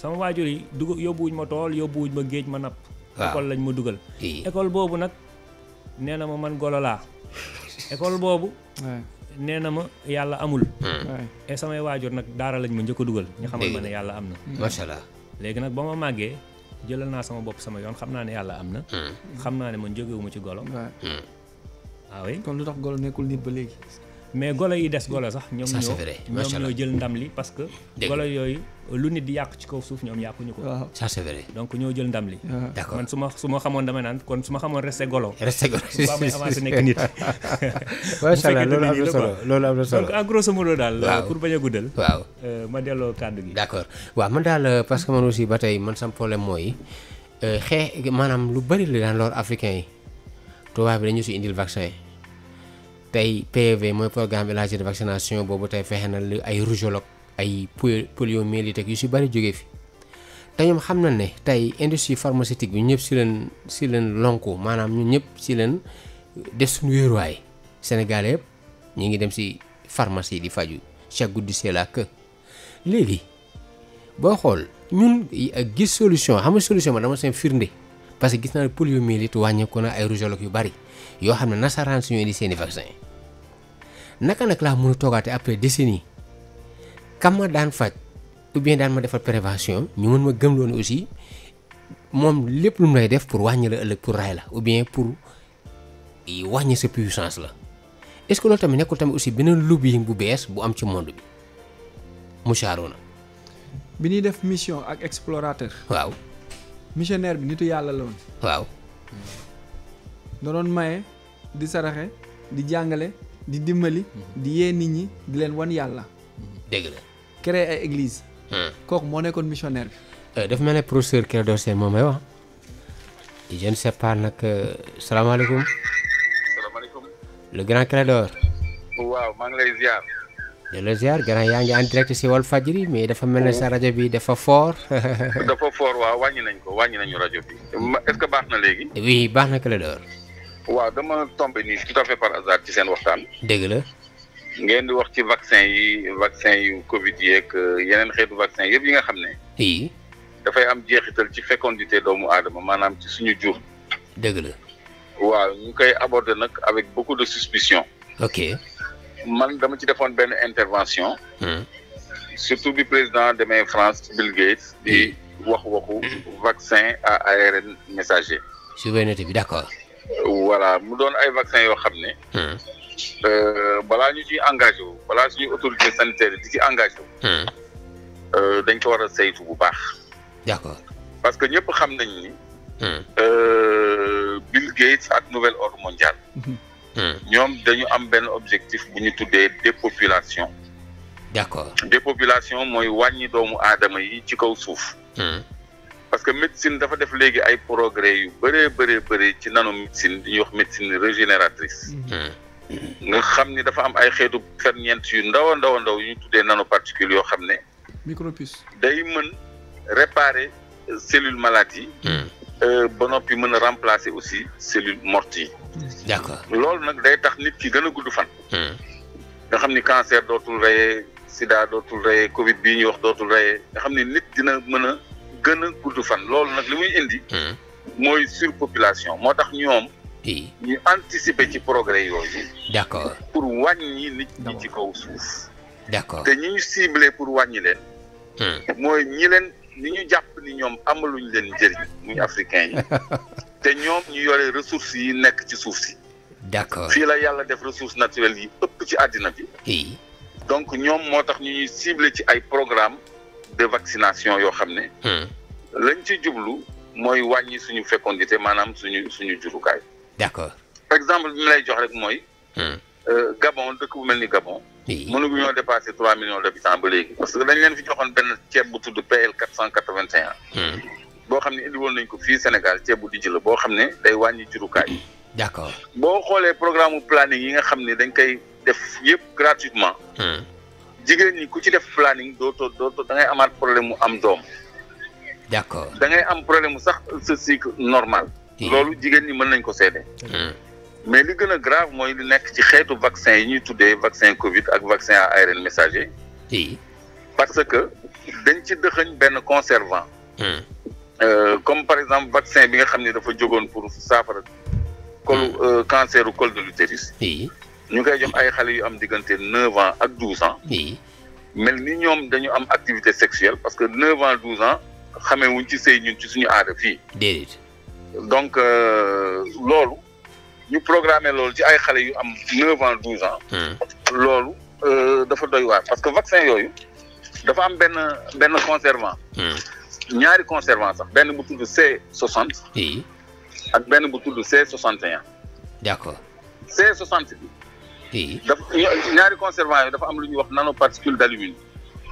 sama waajur yi dugg yóbbuwuñ ma tool yóbbuwuñ ma géej ma napp. école lañ ma dugal. école boobu nag nee na ma man golo laa boobu. nee na ma yàlla amul. Hmm. et samay waajur nag daara lañ ma njëkk dugal. ñu xamal ma ne yàlla am na. Hmm. macha allah léegi nag ba ma màggee jëlal naa sama bopp sama yoon xam naa ne yàlla am na. Hmm. xam naa ne ma jógewuma ci golo. waaw ah kon lu tax golo nekkul nit ba léegi. mais golo yi des golo sax ñoom ñoo ñoom allah jël ndam li parce que golo yooyu lu nit di yàq ci kaw suuf ñoom yàquñu ko ça donc ñoo jël ndam li d'accord man su ma su ma xamoon dama naan kon su ma xamoon resté golo resté golo ba may avancé nekk nit macha allah loolu am na solo loolu am na daal pour bañ a guddal waaw euh, ma delloo kàddu gi d'accord waaw man daal euh, parce que aussi ba tey man sam problème mooy euh, maanaam lu bari la daan loor africain yi tubaab bi dañu si indil vaccin tey PV mooy programme élargi de vaccination boobu tey fexe na lu ay rougeole ay poliomyélite yu si bëri jóge fi te ñoom xam na ne tey industrie pharmaceutique bi ñëpp si leen si leen lonku maanaam ñun ñëpp si leen def suñu wéeruwaay Sénégal yëpp ñu ngi dem si pharmacie di faju chaque guddi c'est la queue léegi boo xool ñun gis solution xam nga solution ma dama seen firnde parce que gis naa ne poliomyélite wàññeeku na ay rougeole yu bëri. yoo xam ne nasaraan suñu di seeni vaccin naka nag laa mën a toogaate après décennie kam ma daan faj ou bien daan ma defal prévention ñu mën ma gëm loon aussi moom lépp lu mu lay def pour wàññi la pour ray la ou bien pour wàññi sa puissance la est-ce que loolu tamit nekkul tamit aussi beneen lobbying bu bees bu am ci monde bi Monsieur Arouna bi ñuy def mission ak explorateur waaw missionnaire bi nitu yàlla la waaw hmm. da doon maye di saraxe di jàngale di dimbali. Mhm. di yee nit ñi di leen wan yàlla. Mhm. dégg la créer ay église. Hmm. kooku moo nekkoon missionnaire bi. Eh, daf mel ne professeur Clédor Sène moo may wax je ne sais nag euh, salaamaaleykum. salaamaaleykum. le grand Clédor. waaw maa ngi lay ziar. di la ziar grand yaa ngi en direct si Walf Fadjri mais dafa mel ne oh. sa rajo bi dafa foor dafa fort waaw wàññi nañ ko wàññi nañu rajo bi. est-ce baax na léegi. oui baax na Clédor. waaw dama tombé nii tout à fait par hasard ci seen waxtaan. dëgg la. ngeen di wax ci vaccin yi vaccin yu Covid yi ak euh, yeneen xeetu vaccin yëpp yi nga xam ne. yii. dafay am jeexital ci fécondité doomu aadama maanaam ci suñu jur. dëgg la. waaw ñu koy aborder nag avec beaucoup de suspicion. ok man dama ci defoon benn intervention. Hmm. surtout bi président demee France Bill Gates. di wax waxu hmm. vaccin à ARN messager. souveraineté bi d'accord. voilà mu doon ay vaccin yoo xam ne. Hmm. Euh, balaa ñu ci engagé wu balaa suñu autorité sanitaire di ci engage wu. dañ ko war a saytu bu baax. parce que ñëpp xam nañ ni. Hmm. Euh, Bill Gates ak nouvel ordre mondial. Mhm. Hmm. ñoom dañu am benn objectif bu ñu tuddee dépopulation. d'accord dépopulation mooy wàññi doomu aadama yi ci kaw suuf. parce que médecine dafa def léegi ay progrès yu bëree bëree bëri ci nano médecine di ñuy wax médecine régénératrice. Mm-hmm. nga xam ni dafa am ay xeetu ferñeent yu ndaw a ndaw ndaw yu ñu tuddee nanoparticules yoo xam ne. micropuce day mën réparer cellule malade yi. Mm. Euh, ba noppi mën a remplacer aussi cellule morte yi. Mm. d'accord loolu nag day tax nit ki gën a gudd fan. Mm. nga xam ni cancer dootul reyee sida dootul reyee Covid bii ñuy wax dootul reyee nga xam ni nit dina mën gën a gudd fan loolu nag li muy indi. Hmm. mooy sur surpopulation moo tax ñoom. ñu anticiper ci progrès yooyu. d'accord pour wàññi nit ñi ci kaw suuf. d'accord te ñi ñu ciblé pour wàññi leen. Hmm. mooy ñi leen ni ñu jàpp ni ñoom amaluñ leen njëriñ muy africain yi te ñoom ñu yore ressources yi nekk ci suuf si. d'accord fii la yàlla def ressources naturelles yi ëpp ci àddina bi. donc ñoom moo tax ñu ñuy ciblé ci ay programme de vaccination yoo xam ne. Hmm. lañ ci jublu mooy wàññi suñu fécondité maanaam suñu suñu jurukaay. d'accord par exemple bi mu lay jox rek mooy. Hmm. Euh, Gabon dëkk bu mel ni Gabon. mënuñu ñoo dépasser trois millions d'habitants ba léegi. parce que dañ leen fi joxoon benn ceeb bu tudd PL quatre cent quatre-vingt-un. Hmm. boo xam ne indi woon nañ ko fii Sénégal ceeb bu dijj boo xam ne day wàññi jurukaay. d'accord boo xoolee programme planning yi nga xam ne dañ koy def yëpp gratuitement. jigéen ñi ku ci def planning dootoo dootoo da ngay amaat problème mu am doom. d'accord da ngay am problème mu sax sa cycle normal. Hmm. loolu jigéen ñi mën nañ ko seede. Hmm. mais li gën a grave mooy lu nekk ci xeetu vaccin yi ñuy tuddee vaccin Covid ak vaccin à ARN messager. parce que dañ ci dëxëñ benn conservant. Hmm. Euh, comme par exemple vaccin bi nga xam ne dafa jógoon pour saafara. col euh, cancer du col de l'utérus. ñu ngi koy jox ay xale yu am diggante neuf ans ak douze ans. mel ni ñoom dañu am activité sexuelle parce que neuf ans douze ans xamee ci see ñun ci suñu aada fii. déedéet. donc euh, loolu ñu programmé loolu ci ay xale yu am neuf ans douze ans. Hmm. loolu euh, dafa doy waar parce que vaccin yooyu dafa am benn benn conservant. Hmm. ñaari conservant sax benn bu tudd C soixante. ak benn bu tudd C soixante et un. d'accord dafa ñaari conservant yi dafa am lu ñuy wax nanoparticule d'alumine.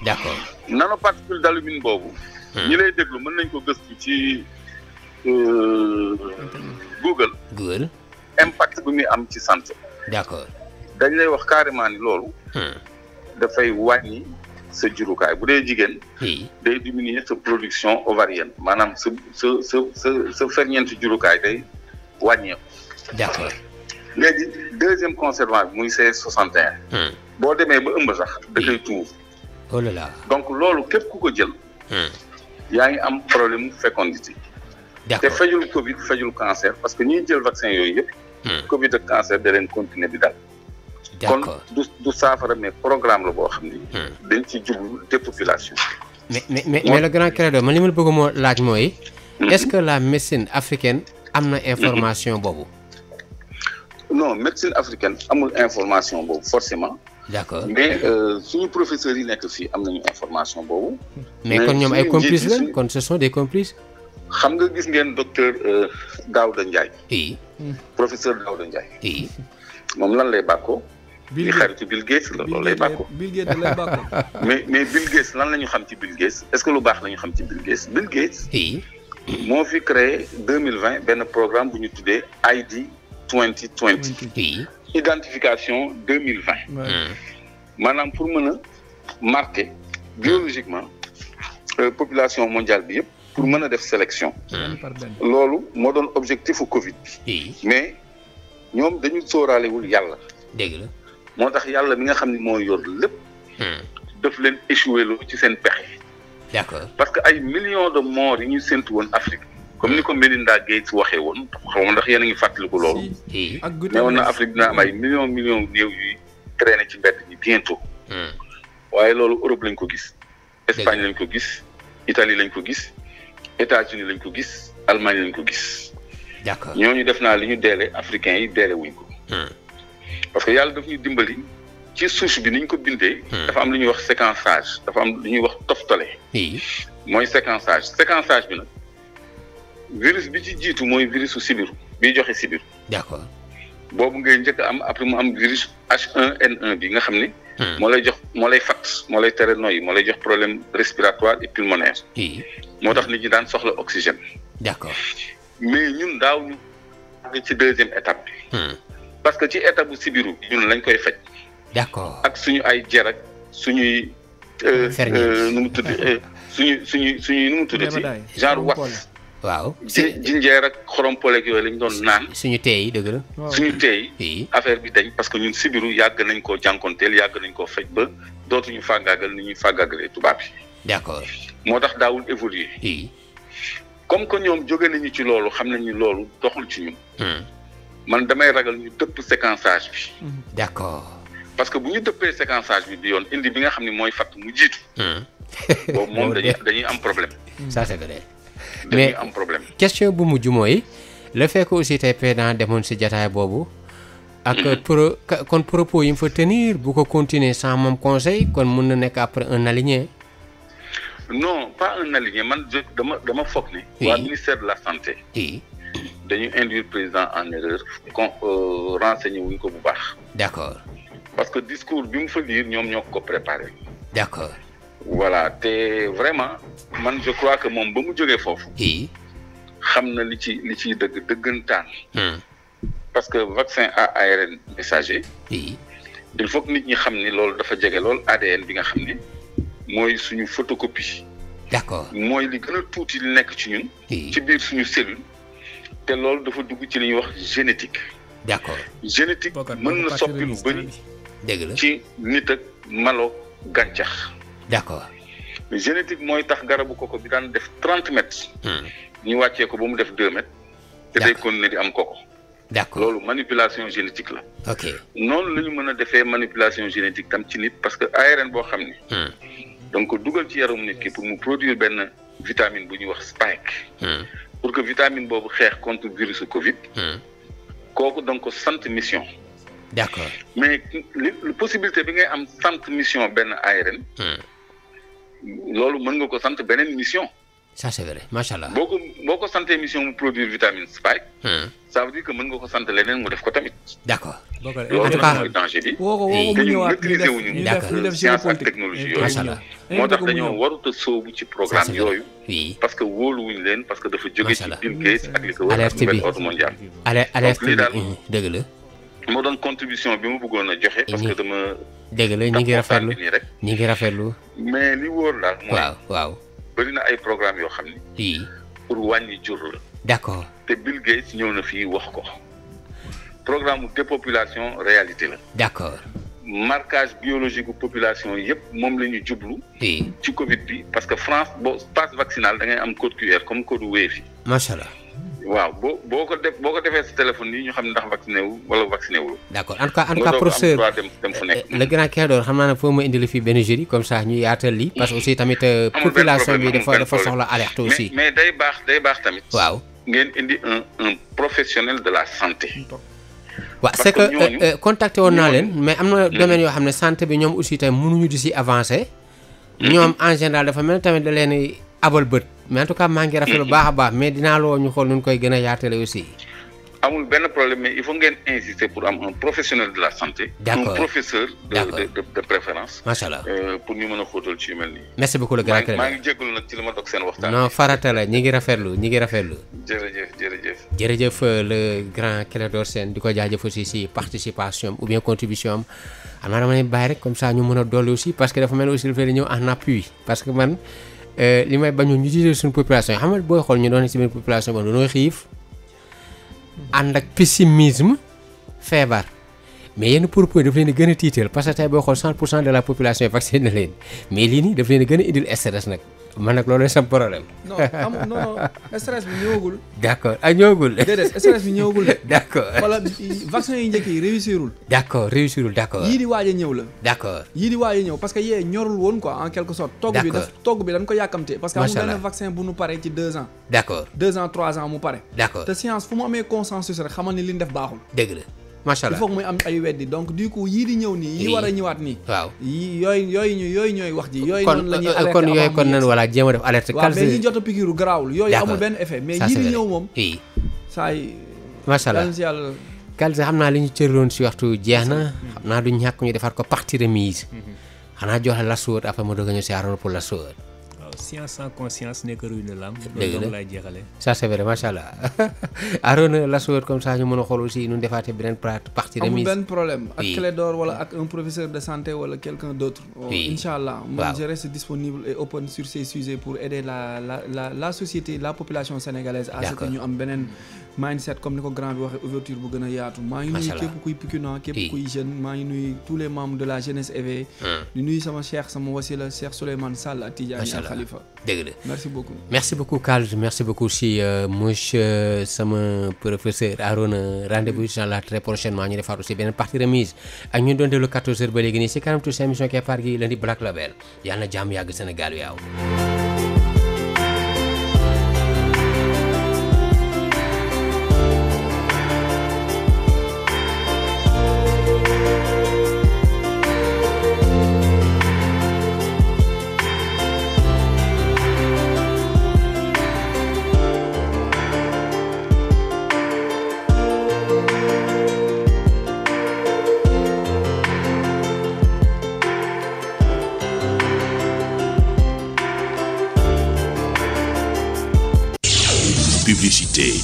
d'accord nanoparticule d'alumine boobu. Hmm. ñi lay déglu mën nañ ko gëstu ci euh, Google. Google impact bu muy am ci santé. d'accord dañ lay wax carrément ni loolu. Hmm. dafay wàññi sa jurukaay bu dee jigéen. day diminuer sa production ovarienne maanaam sa sa sa sa ferñeent jurukaay day wàññeeku. d'accord. léegi deuxième conservant bi muy C61. Hmm. boo demee ba ëmb sax da koy tuur. oh donc loolu képp ku ko jël. Hmm. yaa ngi am problème mu fécondité. te fajul Covid fajul cancer parce que ñuy jël vaccin yooyu yëpp. Hmm. Covid ak cancer da leen continuer di dal. kon du du saafara mais programme la boo xam ni. dañ ci jublu dépopulation. mais mais mais, mais le grand li ma bëgg moo laaj mooy. est-ce que la médecine africaine am na information boobu. non médecine africaine amul information boobu forcément. d'accord mais euh, suñu professeurs yi nekk fii am nañu information boobu. mais kon ñoom ay complices lañ kon ce sont des complices. xam nga gis ngeen docteur euh, Daouda Ndiaye. oui. professeur Daouda Ndiaye. oui moom lan lay bàkkoo. Bill Gates li xaritu Bill Gates la loolu lay bàkkoo. Bill Gates lay bàkkoo. mais mais Bill Gates lan la ñu xam ci Bill Gates est-ce que lu baax la xam ci Bill Gates Bill Gates. moo fi créé mille vingt benn programme bu ñu tuddee ID. 2020 identification 2020 hmm. maanaam pour mën a marquer biologiquement euh, population mondiale bi yëpp pour mën a def sélection hmm. loolu moo doon objectifu Covid bi mais ñoom dañu sóoraalewul yàlla dëgg moo tax yàlla mi nga xam ni moo yor lépp hmm. def leen échoué loo ci seen pexe d'accord parce que ay millions de morts yi ñu séntu woon Afrique comme ni ko Melinda Gates waxee woon xaw ma ndax yéen a ngi fàttaliku loolu. ak guddi woon na Afrique dina am ay millions millions néew yuy traîner ci mbedd bi bientôt. Hmm. waaye loolu Europe lañ ko gis. Espagne lañ ko gis. Italie lañ ko gis. États-Unis lañ ko gis. Allemagne lañ ko gis. ñoo ñu def naa li ñu deele africains yi deele wuñ ko. Hmm. parce que yàlla daf ñu dimbali. ci souche bi niñ ko bindee. Hmm. dafa am lu ñuy wax séquençage dafa am lu ñuy wax toftale. mooy séquençage séquençage bi nag. virus bi ci jiitu mooy virusu sibiru biy joxe sibiru. d'accord boobu ngay njëkk am après mu am virus H1N1 bi nga xam ni. Hmm. moo lay jox moo lay fat moo lay tere noyyi moo lay jox problème respiratoire et pulmonaire. moo tax nit ñi daan soxla oxygène. d'accord mais ñun daaw ñu àgg ci deuxième étape bi. Hmm. parce que ci étape bu sibiru ñun lañ koy faj. d'accord ak suñu ay jer ak suñuy. Euh, ferñeent euh, nu mu tudd euh, suñu suñuy suñuy nu mu tuddati genre wax. waaw si jinjeer ak xorom poleeg yooyu lañ doon naan. suñu teey dëgg la. suñu teey affaire bi dañ parce que ñun sibiru yàgg nañ koo jànkonteel yàgg nañ koo faj ba dootuñu fàggaagal ni ñuy fàggaagalee tubaab yi. d'accord moo tax daawul évoluer. comme que ñoom jóge nañu ci loolu xam nañu loolu doxul ci ñun. Hmm. man damay ragal ñu dëpp séquençage bi. Hmm. d'accord parce que bu ñu dëppee séquençage bi di yoon indi bi nga xam ne mooy fatt mu jiitu. Hmm. boobu moom dañuy dañuy am problème. mais am problème question bu mujj mooy le fait que aussi tey président demoon si jataay boobu. ak mm-hmm. pro kon propos yi mu fa tenir bu ko continuer sans moom conseil kon mun na nekk après un aligné. non pas un aligné man dama dama foog ni. waa ministère de la santé. dañu induire président en erreur con euh, renseigné wuñ ko bu baax. d' accord. parce que discours bi mu fa lire ñoom ñoo ko préparé. d' accord. voilà te vraiment man je crois que moom ba mu jógee foofu. xam na li ci li ciy dëgg dëggantaan. Hmm. parce que vaccin à ARN messager. il faut que nit ñi xam ni loolu dafa jege lool ADN bi nga xam ni mooy suñu photocopie. d'accord mooy li gën a tuuti li nekk ci ñun. ci biir suñu cellule. te loolu dafa dugg ci li ñuy wax génétique. d'accord génétique mën na soppi lu bëri. dëgg ci nit malo gàncax. d'accord mais génétique mooy tax garabu ko bi daan def trente mètres. Hmm. ñu wàccee ko ba mu def deux mètres. te day continuer di am ko d'accord loolu manipulation génétique la. ok noonu la ñu mën a defee manipulation génétique tam ci nit parce que ARN boo xam ni. Hmm. donc dugal ci yaram nit ki pour mu produire benn vitamine bu ñuy wax spike. Hmm. pour que vitamine boobu xeex contre virus Covid. kooku da ko sant mission. d'accord mais lu possibilité bi ngay am sant mission benn ARN. loolu mën nga ko sant beneen mission. ça macha allah. boo ko boo ko santee mission mu produire vitamine spike. Hmm. ça veut que mën nga ko sant leneen mu def ko tamit. d'accord boo ko loolu nag mooy danger bi. woo ko woo ko mu ñëwaat ñu def ñu def ñu def science ak technologie yooyu. macha allah moo tax dañoo warut a sóobu ci programme yooyu. oui parce que wóoluwuñ leen parce que dafa jóge ci Bill Gates ak li ko wër ak nouvelle ordre mondial. alerte bi alerte bi hmm. dëgg la. moo doon contribution bi ma bëggoon a joxe. parce que dégg la ñu ngi rafetlu ñu ngi rafetlu. mais li wóor daal. waaw waaw bëri na ay programme yoo xam ni. yii pour wàññi jur la. d' accord te Bill Gates ñëw na fii wax ko. programme dépopulation réalité la. d' accord. marquage biologique bu population yëpp moom la ñu jublu. ci Covid bi parce que France boo passe vaccinal da ngay am code QR comme code Wave yi. macha allah. waaw boo boo ko def boo ko defee sa téléphone yi ñu xam ndax vacciné wu wala vacciné wu. d' accord en tout cas en tout cas euh, ne foo ma indil fii benn jury comme ça ñu yaatal lii. parce que aussi tamit euh, population bi dafa dafa soxla alerte aussi. mais day baax day baax tamit. waaw ngeen indi un un professionnel de la santé. waaw c'est que euh, contacté woon naa leen mais am na domaine yoo xam ne santé bi ñoom aussi tamit mënuñu di si avancé. Mm-hmm. ñoom en dafa mel tamit da leen abal bët. mais en tout cas maa ngi rafetlu baax a baax mais dinaa la ñu xool nu ñu koy gën a yaatale aussi. amul benn problème mais il faut ngeen insister pour am un professionnel de la santé. d'accord professeur. de préférence. macha allah euh, pour ñu mën a xóotal ci yu mel nii. merci beaucoup le grand maa ngi seen ñi ngi rafetlu ñi ngi rafetlu. jërëjëf jërëjëf. jërëjëf le grand Clédor di ko jaajëf aussi si participation ou bien contribution am am naa dama ne bàyyi rek comme ça ñu mën a dolli aussi parce que dafa mel aussi dafay ñëw en appui parce que man. Eh, li may bañoo ñu jiite suñu population yi xam booy xool ñu doon si benn population ba dañoo xiif ànd ak pessimisme feebar mais yenn propos daf leen gën a tiital parce que tey booy xool 100 pour cent de la population vaccinée na leen mais lii nii daf leen gën a indil stress nag. man nag loolu sam problème. non amul non stress bi ñëwagul. d' accord ah ñëwagul. déedéet stress bi ñëwagul de. d' accord vaccin yi njëkk yi réussirul. d' réussirul d' yii di waaj a ñëw la. d' accord yii di waaj a ñëw parce que yee ñorul woon quoi en quelque sorte. togg bi daf togg bi dañ ko yàkkamte. parce que amul benn vaccin bu nu pare ci deux ans. d' deux ans trois ans mu pare. d' te science fu mu amee consensus rek xamal ni li ñu def baaxul. macha allah il muy am ay weddi donc du coup yii di ñëw nii yii war a ñëwaat nii waaw yii yooyu yooyu ñu yooyu ñooy wax ji yooyu noonu la ñuy euh, kon yooyu jéem a def alerte waaw mais yi jot a pikiru garaawul yooyu amul benn effet mais yii di ñëw moom saa yi macha allah si xam naa li ñu cëriloon si waxtu jeex na xam naa du ñàkk ñu defar ko partie remise mhm. xanaa jox la la suur après ma doog a ñëw si pour la waaw science sans conscience nekk ruine de l'âme. dëgg la loolu laay jeexalee. ça macha allah Arona la suwet comme ça ñu mën a xool aussi ñu defaatee beneen partie remise. amul benn problème ak Clédor wala ak un professeur de santé wala quelqu'un d'autre. Oh, oui allah man je reste disponible et open sur ces sujets pour aider la la la la société la population sénégalaise. à ce que ñu am beneen. mindset comme ni ko grand bi waxee ouverture bu gën a yaatu maa ngi nuyu képp kuy Pikinois ah, képp kuy jeune maa ngi nuyu tous les membres de la jeunesse éveillée hmm. di nuyu sama cheikh sama wasila Cheikh Souleymane Sall ak Tidiane al Khalifa dëgg la merci beaucoup merci beaucoup Kals merci beaucoup si euh, monsieur sama professeur Arona rendez-vous inchallah très prochainement ñu defaat aussi beneen partie remise ak ñu doon déglu ba léegi nii si kanam tuuti seen émission Keppaar gi la di Black Label yàlla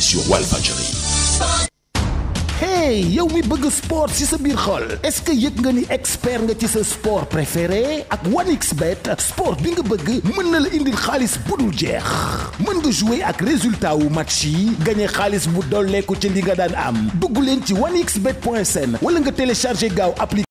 sur Walfadjri yow mi bëgg sport ci sa biir xol est-ce que yëg nga ni expert nga ci sa sport préféré ak 1xBet sport bi nga bëgg mën na la indil xaalis bu dul jeex mën nga jouer ak résultat wu match yi gagné xaalis bu dolleeku ci li nga daan am dugg leen ci 1xBet.sn wala nga télécharger gaaw appli